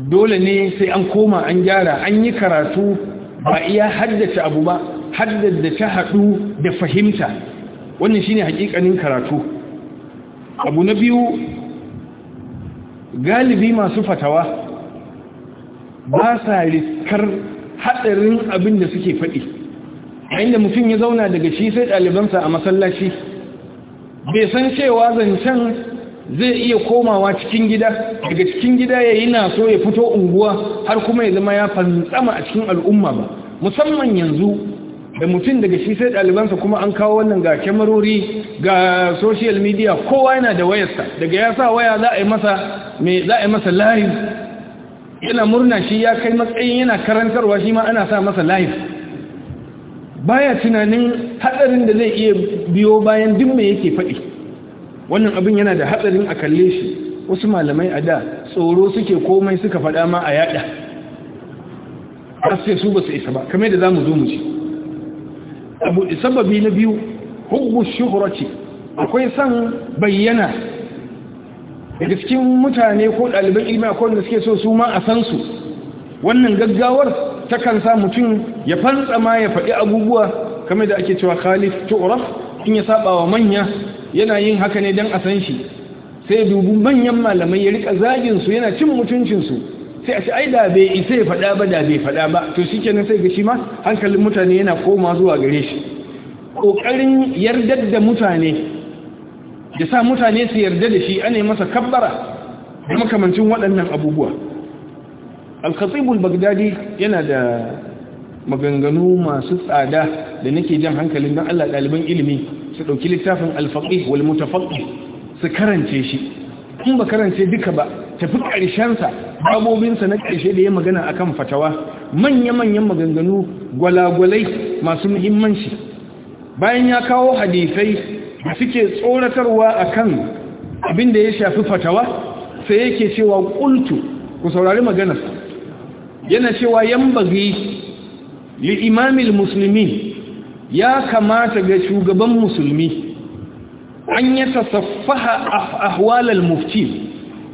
dole ne sai an koma an gyara an yi karatu ba iya haddace abu ba haddace haɗu da fahimta wannan shine hakikanin karatu abu na biyu galibi masu fatawa ba sa riskar haɗarin abin da suke faɗi inda mutum ya zauna daga shi sai ɗalibansa a masallaci bai san cewa zancen zai iya komawa cikin gida daga cikin gida ya yi naso ya fito unguwa har kuma ya zama ya fantsama a cikin al'umma ba musamman yanzu da mutum daga shi sai ɗalibansa kuma an kawo wannan ga kyamarori ga social media kowa yana da wayarsa daga ya sa waya za a yi masa mai za a yi masa live yana murna shi ya kai matsayin yana karantarwa shi ma ana sa masa live baya tunanin haɗarin da zai iya biyo bayan duk me yake faɗi wannan abin yana da hatsarin a kalle shi wasu malamai a da tsoro suke komai suka faɗa ma a yada sai su ba su isa ba kamar da za mu zo mu ce abu sababi na biyu hubbu ce, akwai san bayyana daga cikin mutane ko ɗaliban ilimi akwai wanda suke so su ma a san su wannan gaggawar takan sa mutum ya fantsama ya faɗi abubuwa kamar da ake cewa khalif tu'raf in ya saba wa manya yana yin haka ne don a san shi sai dubu manyan malamai ya rika zagin su yana cin mutuncin su sai a ce ai da bai isa ya faɗa ba da bai faɗa ba to shikenan sai ga shi ma hankalin mutane yana koma zuwa gare shi kokarin yardar da mutane da sa mutane su yarda da shi ana masa kabbara da makamancin waɗannan abubuwa al-khatib yana da maganganu masu tsada da nake jan hankalin dan Allah ɗaliban ilimi su ɗauki littafin alfaƙi wal su karance shi in ba karance duka ba tafi ƙarshensa babobinsa na ƙarshe da ya magana akan fatawa manya-manyan maganganu gwalagwalai masu muhimmanci bayan ya kawo hadisai da suke tsoratarwa akan abin da ya shafi fatawa sai yake cewa ƙultu ku saurari maganarsa yana cewa yan bagi li imamil musulmi ya kamata ga shugaban musulmi an ya tasaffaha ahwalal mufti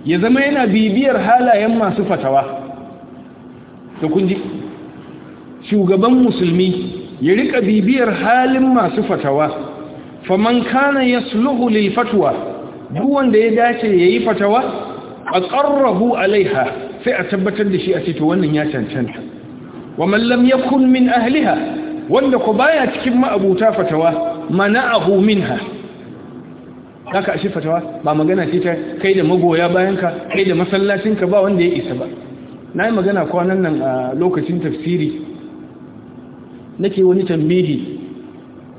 ya zama yana bibiyar halayen masu fatawa shugaban musulmi ya rika bibiyar halin masu fatawa faman kana ya lil fatwa duk wanda ya dace yayi fatawa A aqarrahu alaiha sai a tabbatar da shi a ce wannan ya cancanta wa Mallam ya yakun min ahliha wanda ku baya cikin ma'abuta fatawa mana'ahu minha haka ashe fatawa ba magana ce ta kai da magoya bayanka kai da masallacinka ba wanda ya isa ba na yi magana kwanan nan a lokacin tafsiri nake wani tambihi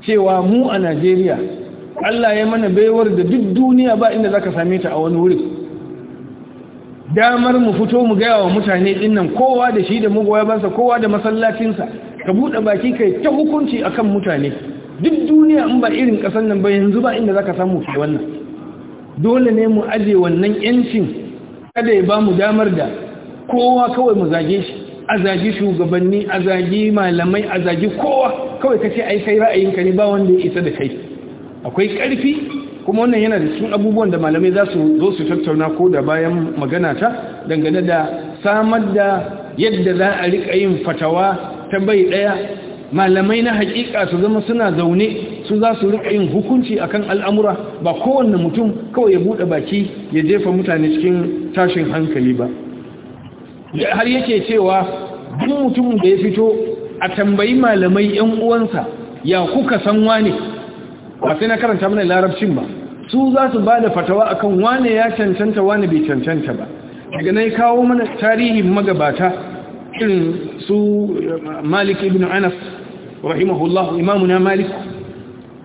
cewa mu a najeriya allah ya mana baiwar da duk duniya ba inda za ka same ta a wani wuri damar mu fito mu gaya wa mutane dinnan kowa da shi da magoya bansa kowa da masallacinsa ka buɗe baki kai ta hukunci akan mutane duk duniya in ba irin ƙasar nan ba yanzu ba inda za ka samu kai wannan dole ne mu aje wannan yancin kada ya ba mu damar da kowa kawai mu zage shi a zage shugabanni a zage malamai a zage kowa kawai kace ai kai ra'ayinka ne ba wanda ya isa da kai akwai ƙarfi kuma wannan yana da cikin abubuwan da malamai za su zo su tattauna ko da bayan magana ta dangane da samar da yadda za a riƙa yin fatawa ta bai ɗaya malamai na hakika su zama suna zaune su za su rika yin hukunci akan al'amura ba kowanne mutum kawai ya buɗe baki ya jefa mutane cikin tashin hankali ba har yake cewa duk mutum da ya fito a tambayi malamai yan uwansa ya kuka san wane ba sai na karanta mana larabcin ba su za su ba da fatawa akan wane ya cancanta wane bai cancanta ba daga nan kawo mana tarihin magabata irin su malik ibn anas rahimahullah imamuna malik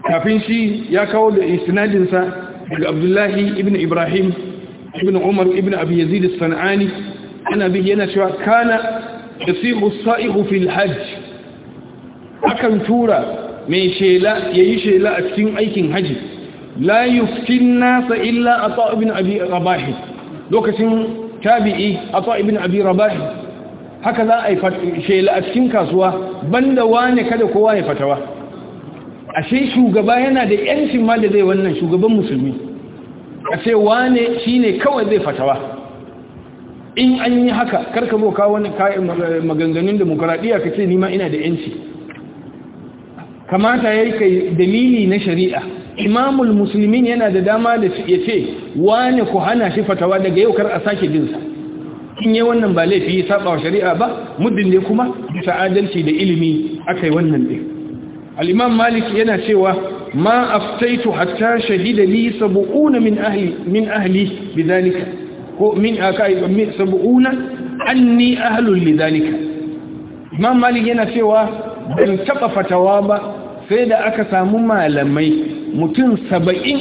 kafin shi ya kawo da isnadinsa daga abdullahi ibn ibrahim ibn umar ibn abu yazid sanani ana bi yana cewa kana yasihu saihu fil hajj akan tura mai shela yayi shela a cikin aikin haji la yuftin nasa illa ata ibn abi rabah lokacin tabi'i ata ibn abi rabah haka za a yi shela a cikin kasuwa banda wane kada kowa ya fatawa ashe shugaba yana da yancin ma da zai wannan shugaban musulmi a sai wane shine kawai zai fatawa in an yi haka karka zo kawo wani maganganun demokuraɗiyya ka ce nima ina da yanci kamata ya yi kai dalili na shari'a imamul musulmin yana da dama da ya ce wane ku hana shi fatawa daga yau kar a sake jinsa in yi wannan ba laifi ya saba wa shari'a ba muddin ne kuma bisa adalci da ilimi aka yi wannan ɗin al'imam malik yana cewa ma aftaitu hatta shahida li sabu'una min ahli min ko min akai min sabu'una anni ahlul lidhalika imam malik yana cewa ban taɓa fatawa ba sai da aka samu malamai mutum saba'in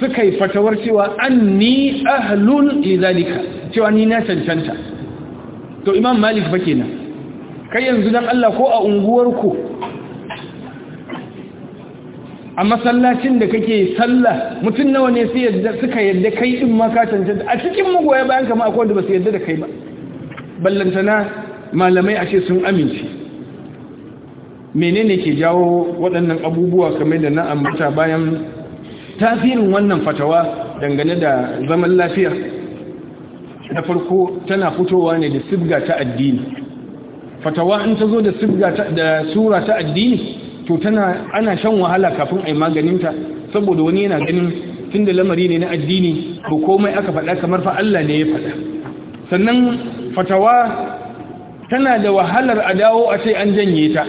suka yi fatawar cewa anni ahlul lidhalika cewa ni na cancanta to imam malik ba kenan kai yanzu dan Allah ko a unguwarku a masallacin da kake sallah mutum nawa ne sai yadda suka yadda kai din ma ka cancanta a cikin goya bayan kama akwai wanda ba su yadda da kai ba ballantana malamai a ce sun amince menene ke jawo waɗannan abubuwa kamar da na ambata bayan tasirin wannan fatawa dangane da zaman lafiya na farko tana fitowa ne da sibga ta addini fatawa in ta zo da sibga da sura ta addini to tana ana shan wahala kafin a yi maganinta saboda wani yana ganin tunda lamari ne na addini to komai aka faɗa kamar fa Allah ne ya faɗa sannan fatawa tana da wahalar a dawo a sai an janye ta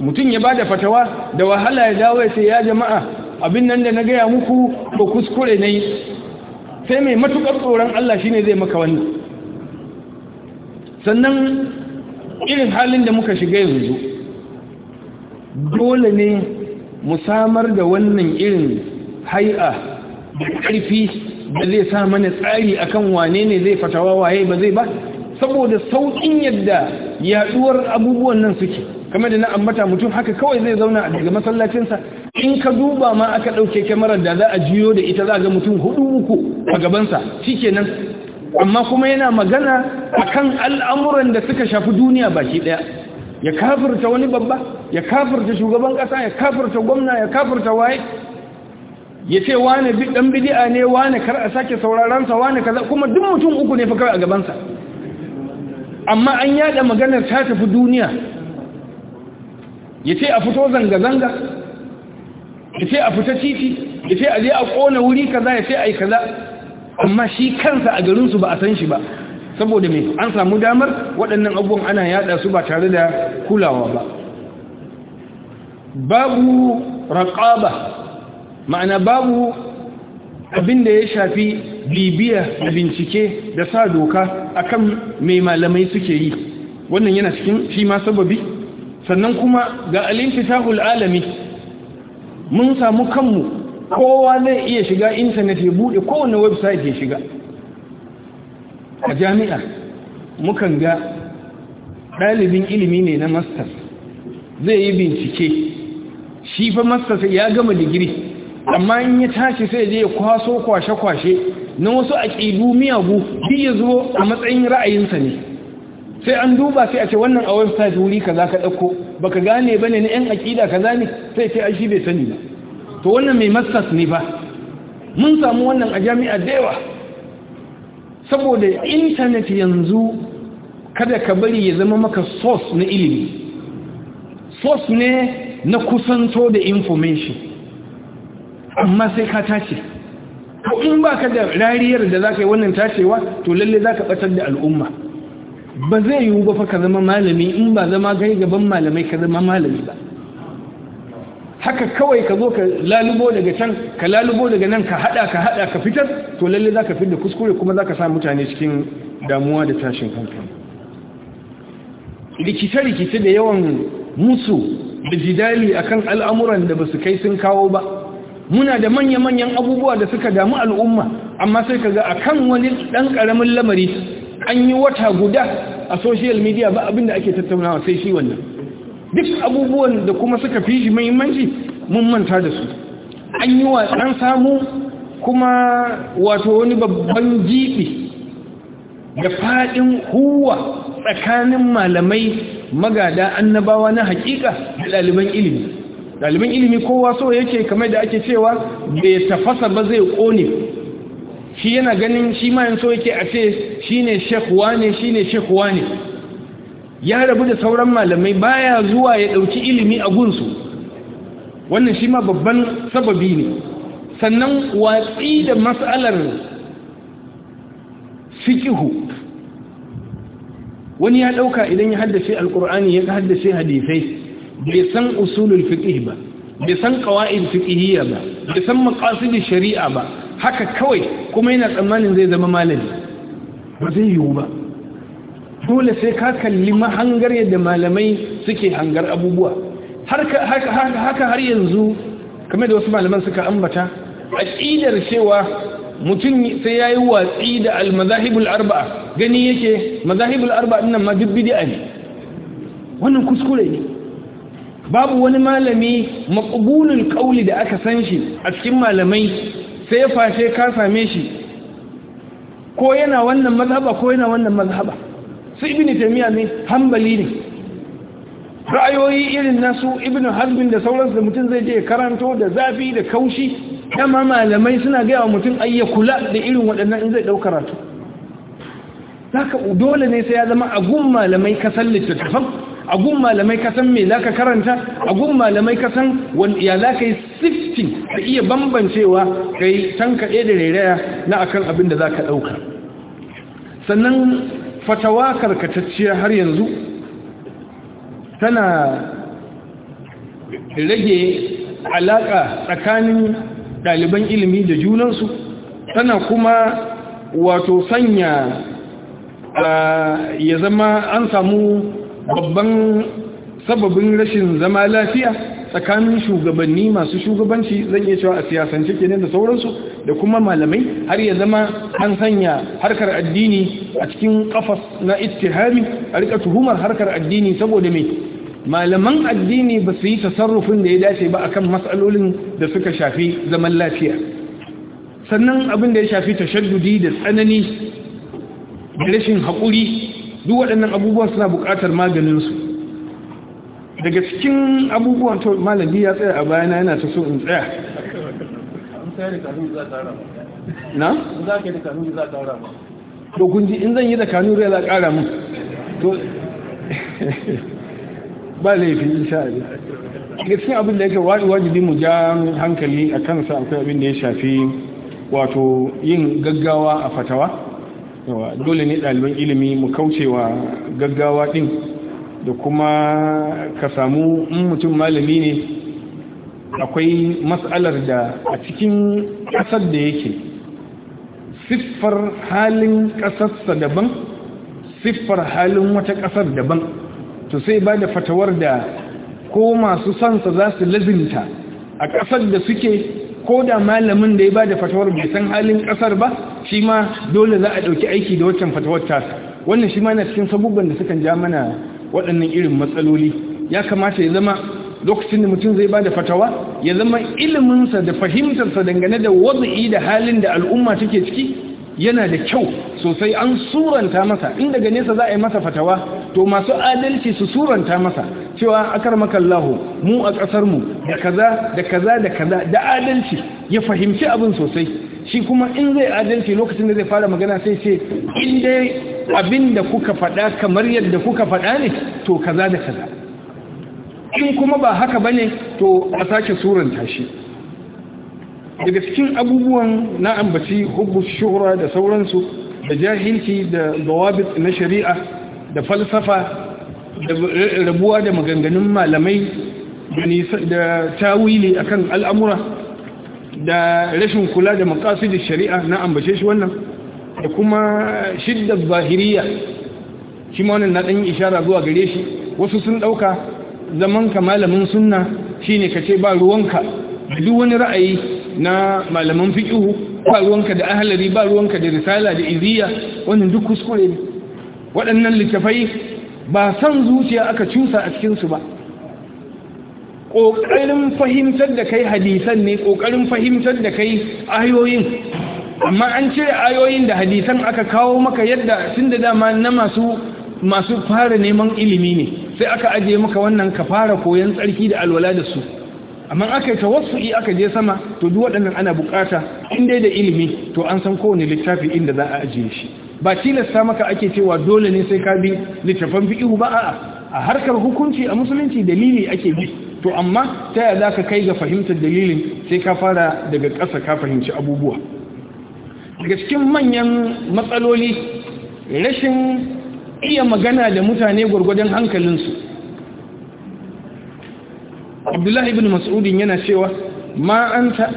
mutum ya bada fatawa da wahala ya dawo ya sai ya jama'a abin nan da na gaya muku ko kuskure ne sai mai matuƙar tsoron Allah shi ne zai maka wannan sannan irin halin da muka shiga yanzu dole ne mu samar da wannan irin hai'a da ƙarfi da zai sa mana tsari akan wane ne zai fatawa waye ba zai ba saboda sauƙin yadda yaɗuwar abubuwan nan suke kamar da na ambata mutum haka kawai zai zauna daga masallacinsa in ka duba ma aka ɗauke kyamarar da za a jiyo da ita za ga mutum hudu uku a gabansa shikenan amma kuma yana magana akan al'amuran da suka shafi duniya baki ɗaya ya kafirta wani babba ya kafirta shugaban ƙasa ya kafirta gwamna ya kafirta waye ya ce wane ɗan bidi'a ne wane kar a sake sa wane kaza kuma duk mutum uku ne kai a gabansa amma an yada maganar ta tafi duniya ya ce a fito zanga-zanga ya a fita titi ya a je a kona wuri kaza ya ce a yi kaza amma shi kansa a garinsu ba a san shi ba saboda mai an samu damar waɗannan abubuwan ana yada su ba tare da kulawa ba babu raƙaba ma'ana babu abin da ya shafi bibiya da bincike da sa doka akan mai malamai suke yi wannan yana cikin shi ma sababi sannan kuma ga alimfitahul alami mun samu kanmu kowa zai iya shiga intanet ya buɗe kowane website ya shiga a jami'a mukan ga ɗalibin ilimi ne na masters zai yi bincike shi fa masters ya gama digiri amma in ya tashi sai je ya kwaso kwashe-kwashe na wasu aƙidu miyagu shi ya a matsayin ra'ayinsa ne sai an duba sai a ce wannan a website wuri za ka ɗauko Ba ka gane ba ne na yan aƙida ka zane sai ce aiki bai sani ba to wannan mai masters ne ba mun samu wannan a jami'a da yawa saboda intanet yanzu kada ka bari ya zama maka source na ilimi source ne na kusanto da information amma sai ka tace Ko in ba ka da rariyar da za ka yi wannan tacewa to lalle ka ɓatar da al'umma ba zai yiwu ba fa ka zama malami in ba zama gai gaban malamai ka zama malami ba haka kawai ka zo ka lalubo daga can ka lalubo daga nan ka hada ka hada ka fitar to lalle zaka fi da kuskure kuma za ka sa mutane cikin damuwa da tashin hankali rikice rikice da yawan musu da jidali akan al'amuran da basu kai sun kawo ba muna da manya manyan abubuwa da suka damu al'umma amma sai ka ga a kan wani ɗan karamin lamari an yi wata guda a social media ba abinda ake tattaunawa sai shi wannan duk abubuwan da kuma suka fi shi muhimmanci mun manta da su an yi wa an samu kuma wato wani babban jibi da faɗin huwa tsakanin malamai magada annabawa na haƙiƙa, da ɗaliban ilimi ɗaliban ilimi kowa so yake kamar da ake cewa bai tafasa ba zai ƙone shi yana ganin shi ma yanzu yake a ce shine ne wane shine sheikh wane ya rabu da sauran malamai baya zuwa ya ɗauki ilimi a gunsu wannan shi ma babban sababi ne sannan watsi da mas'alar fikihu wani ya ɗauka idan ya haddace alkur'ani ya haddace hadisai bai san usulul fiqh ba bai san kawai fikihiyya ba bai san maqasid shari'a ba haka kawai kuma yana tsammanin zai zama malami ba zai yiwu ba dole sai ka kalli mahangar yadda malamai suke hangar abubuwa haka har yanzu kame da wasu malaman suka ambata a aƙidar cewa mutum sai ya yi watsi da almazahibul arba'a gani yake mazahibul arba'a nan ma duk ne wannan kuskure ne babu wani malami maqbulul qawli da aka san shi a cikin malamai sai ya fashe ka same shi ko yana wannan mazhaba ko yana wannan mazhaba su ibini Jami'a ne hambali ne ra'ayoyi irin nasu ibini harbin da sauransu da mutum zai je karanto da zafi da kaushi Yamma malamai suna gaya wa mutum ayya kula da irin waɗannan in zai ɗau karatu ka dole ne sai ya zama a gun malamai ka ta littattafan a gun malamai ka san me zaka karanta a gun malamai ka san ya zaka yi sifting ka iya bambancewa kai tankaɗe da rairaya na akan abin da zaka ɗauka sannan fatawa karkatacciya har yanzu tana rage alaƙa tsakanin ɗaliban ilimi da junansu tana kuma wato sanya ya zama an samu babban sababin rashin zama lafiya tsakanin shugabanni masu shugabanci zan iya cewa a siyasance kenan da sauransu da kuma malamai har ya zama an sanya harkar addini a cikin kafas na ittihami a rika tuhumar harkar addini saboda mai malaman addini ba su yi tasarrufin da ya dace ba akan matsalolin da suka shafi zaman lafiya sannan abin da ya shafi tashaddudi da tsanani da rashin haƙuri duk waɗannan abubuwan suna buƙatar maganinsu daga cikin abubuwan to malami ya tsaya a bayana yana ta so in tsaya na? to kun ji in zan yi da rai za ƙara mu to ba laifi sha abin daga cikin abin da yake wajibi mu ja hankali a kansa akwai abin da ya shafi wato yin gaggawa a fatawa yawa dole ne ɗaliban ilimi mu kaucewa gaggawa ɗin da kuma ka samu in mutum malami ne akwai matsalar da a cikin ƙasar da yake siffar halin ƙasarsa daban siffar halin wata ƙasar daban to sai ba da fatawar da ko masu sansa za su lazinta a ƙasar da suke ko da malamin da ya ba da fatawar bai san halin ƙasar ba shi ma dole za a ɗauki aiki da waccan fatawar tasa wannan shi ma na cikin sabubban da sukan ja mana waɗannan irin matsaloli ya kamata ya zama lokacin da mutum zai ba da fatawa ya zama iliminsa da fahimtarsa dangane da wazi'i da halin da al'umma take ciki yana da kyau sosai an suranta masa in daga nesa za a yi masa fatawa to masu adalci su suranta masa cewa akar makallahu mu a ƙasarmu da kaza da kaza da kaza da adalci ya fahimci abin sosai shi kuma in zai adalci lokacin da zai fara magana sai ce in dai abin da kuka faɗa kamar yadda kuka faɗa ne to kaza da kaza in kuma ba haka bane to a sake suranta shi daga cikin abubuwan na ambaci hubbu shuhura da sauransu da jahilci da dawabit na shari'a da falsafa da rabuwa da maganganun malamai da tawili akan al'amura da rashin kula da da shari'a na ambace shi wannan da kuma shidda zahiriya shi ma wannan na yi ishara zuwa gare shi wasu sun ɗauka zaman ka malamin sunna ka ce ba ruwanka duk wani ra'ayi na malaman fiqhu ba ruwanka da ahalari ba ruwanka da risala da iziya wannan duk kuskure ne waɗannan littafai ba san zuciya aka cusa a cikinsu ba ƙoƙarin fahimtar da kai hadisan ne ƙoƙarin fahimtar da kai ayoyin amma an cire ayoyin da hadisan aka kawo maka yadda tun da dama na masu masu fara neman ilimi ne sai aka ajiye maka wannan ka fara koyon tsarki da alwala da su amma aka yi i aka je sama to duk waɗannan ana bukata in dai da ilimi to an san kowane littafi inda za a ajiye shi ba tilasta maka ake cewa dole ne sai ka bi littafan fiqhu ba a'a a harkar hukunci a musulunci dalili ake bi to amma ta yaya za ka kai ga fahimtar dalilin sai ka fara daga ƙasa ka fahimci abubuwa daga cikin manyan matsaloli rashin iya magana da mutane gwargwadon hankalinsu abdullahi ibn mas'udin yana cewa ma ta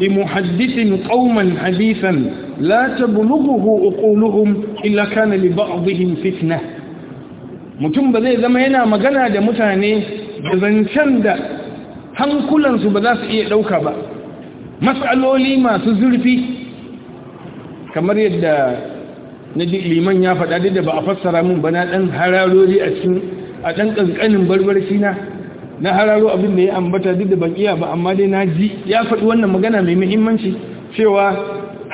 bi muhaddisin ƙauman hadisan لا تبلغه illa kana كان لبعضهم fitna. mutum ba zai zama yana magana da mutane da zancen da hankulansu ba za su iya ɗauka ba matsaloli masu zurfi kamar yadda na liman ya faɗa duk da ba a fassara mun ba na ɗan hararori a cikin a ɗan ƙanƙanin barbarci na na hararo abin da ya ambata duk da ban iya ba amma dai na ji ya faɗi wannan magana mai muhimmanci cewa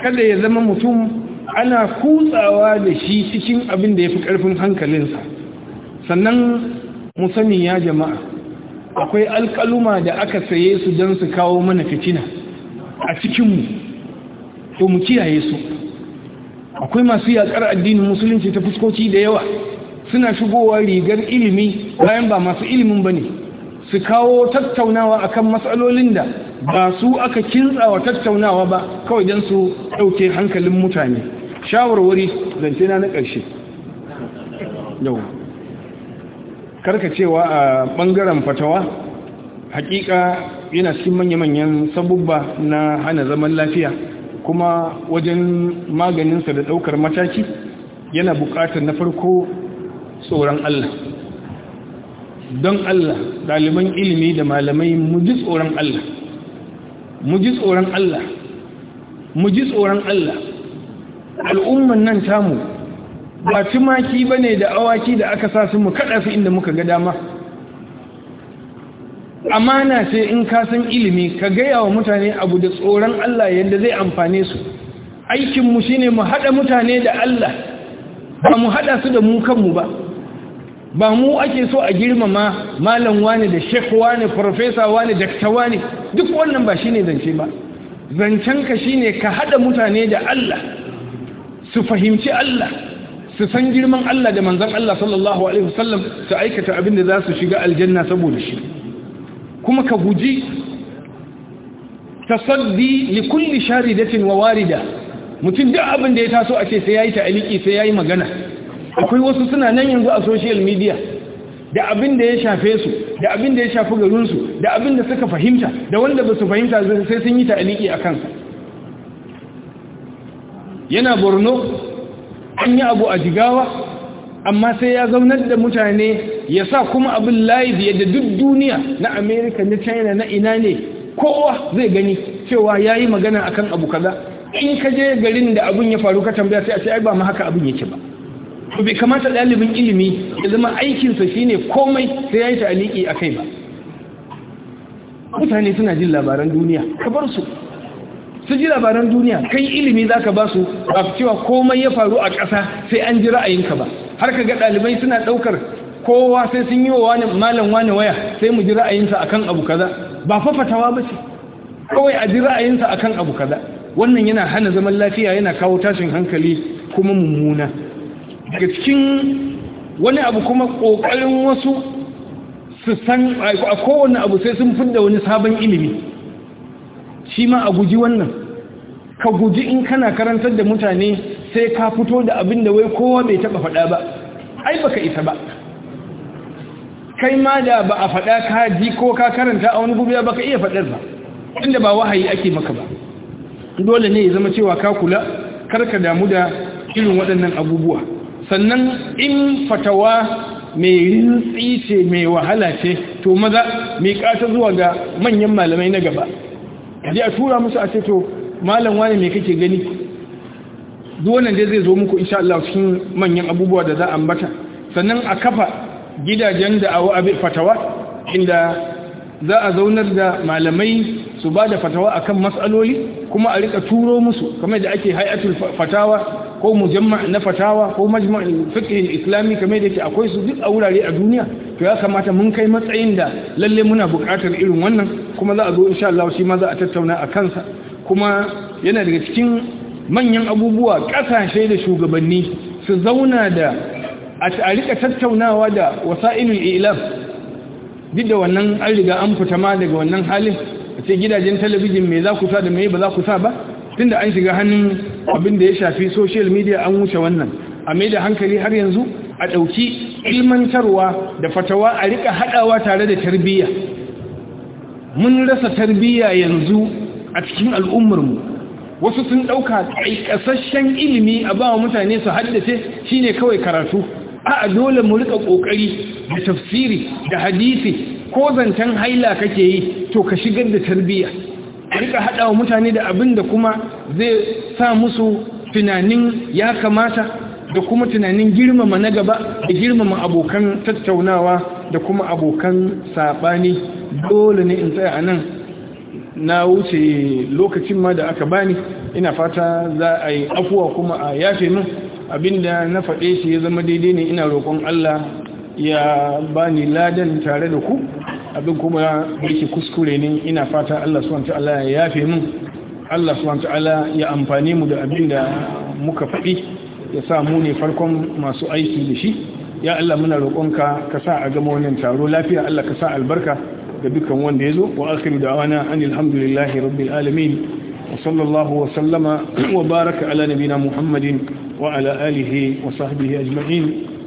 kada ya zama mutum ana kutsawa da shi cikin abin da ya fi ƙarfin hankalinsa sannan musani ya jama'a akwai alƙaluma da aka saye su don su kawo mana fitina a cikinmu to mu kiyaye su akwai masu yaƙar addinin musulunci ta fuskoci da yawa suna shigowa rigar ilimi bayan ba masu ilimin ba ne su kawo tattaunawa akan matsalolin da ba su aka kintsawa tattaunawa ba kawai don su ɗauke hankalin mutane shawarwari zancena na ƙarshe yau Karka cewa a bangaren fatawa hakika yana cikin manya-manyan sabubba na hana zaman lafiya kuma wajen maganinsa da daukar mataki yana bukatar na farko tsoron Allah don Allah ɗaliban ilimi da malamai mu ji tsoron Allah mu ji tsoron Allah mu ji tsoron Allah al'umman nan tamu ba tumaki ba ne da awaki da aka sa su mu kada su inda muka ga dama amana sai in ka san ilimi ka gaya wa mutane abu da tsoron Allah yadda zai amfane su aikinmu shi ne mu haɗa mutane da Allah ba mu haɗa su da mu kanmu ba ba mu ake so a girmama malam wani da shekwa wani farfesa wane dakta wani duk wannan ba shi ne zance ba zancenka shi ne ka haɗa mutane da Allah su fahimci Allah su san girman Allah da manzan Allah sallallahu alaihi wasallam su aikata abin da za su shiga aljanna saboda shi kuma ka guji tasaddi li kulli sharidatin wa warida mutum duk abin da ya taso a ce sai yayi ta'aliki sai yayi magana akwai wasu suna nan yanzu a social media da abin da ya shafe su da abin da ya shafi garinsu da abin da suka fahimta da wanda ba su fahimta sai sun yi ta'aliki a kansa yana borno an yi abu a jigawa amma sai ya zaunar da mutane ya sa kuma abin live yadda duk duniya na Amerika, na china na ina ne kowa zai gani cewa ya yi magana akan abu kaza in ka je garin da abin ya faru ka tambaya sai a ce ba ma haka abin yake ba to bai kamata ɗalibin ilimi ya zama aikinsa shine komai sai ya yi aliki a kai ba mutane suna jin labaran duniya ka bar su su ji labaran duniya kai ilimi za ka ba su a cewa komai ya faru a ƙasa sai an ji ra'ayinka ba har ka ga ɗalibai suna ɗaukar kowa sai sun yi wa malam wani waya sai mu ji ra'ayinsa a kan abu kaza ba fafatawa ba ce kawai a ji ra'ayinsa a kan abu kaza wannan yana hana zaman lafiya yana kawo tashin hankali kuma mummuna daga cikin wani abu kuma ƙoƙarin wasu su san a kowane abu sai sun fidda wani sabon ilimi shi ma a guji wannan ka guji in kana karantar da mutane sai ka fito da abin da wai kowa bai taba faɗa ba ai baka isa ba kai ma da ba a faɗa ka ji ko ka karanta a wani gubiya baka iya faɗar ba inda ba wahayi ake maka ba dole ne ya zama cewa ka kula karka damu da irin waɗannan abubuwa sannan in fatawa mai rintsi ce mai wahala ce to maza mai ƙata zuwa ga manyan malamai na gaba kaji a tura musu a ce to malam wani me kake gani duk wannan dai zai zo muku insha Allah cikin manyan abubuwa da za a ambata sannan a kafa gidajen da awa abin fatawa inda za a zaunar da malamai su ba da fatawa akan matsaloli kuma a rika turo musu kamar da ake hayatul fatawa ko mujamma na fatawa ko majma'in fiqh islami kamar da yake akwai su duk a wurare a duniya to ya kamata mun kai matsayin da lalle muna buƙatar irin wannan kuma za a zo insha Allah shi ma za a tattauna a kansa kuma yana daga cikin manyan abubuwa ƙasashe da shugabanni su zauna da a rika tattaunawa da wasa'ilul ilaf duk da wannan an riga an fita ma daga wannan halin a ce gidajen talabijin mai za ku sa da mai ba za ku sa ba Tun da an shiga hannun abin da ya shafi social media an wuce wannan a mai da hankali har yanzu a ɗauki ilmantarwa da fatawa a rika haɗawa tare da tarbiyya mun rasa tarbiyya yanzu a cikin al'ummar mu, wasu sun ɗauka ƙasashen ilimi a ba mutane su haddace shine kawai karatu a dole mu riƙa ƙoƙari da tafsiri da hadisi ko zancen haila kake yi to ka shigar da tarbiyya rika haɗa wa mutane da abin da kuma zai sa musu tunanin ya kamata da kuma tunanin girmama na gaba da girmama abokan tattaunawa da kuma abokan saɓani dole ne in tsaya a nan na wuce lokacin ma da aka bani ina fata za a yi afuwa kuma a yafe min abinda na faɗe shi ya zama daidai ne ina roƙon Allah ya bani ladan tare da ku abin kuma yake kuskure ne ina fata Allah subhanahu ta'ala ya yafe min Allah subhanahu ta'ala ya amfane mu da abinda muka faɗi ya sa mu ne farkon masu aiki da shi ya Allah muna roƙonka ka sa a gama wannan taro lafiya Allah ka sa albarka دبيكم وانديزو وآخر دعوانا عن الحمد لله رب العالمين وصلى الله وسلم وبارك على نبينا محمد وعلى آله وصحبه أجمعين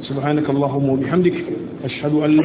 سبحانك اللهم وبحمدك أشهد أن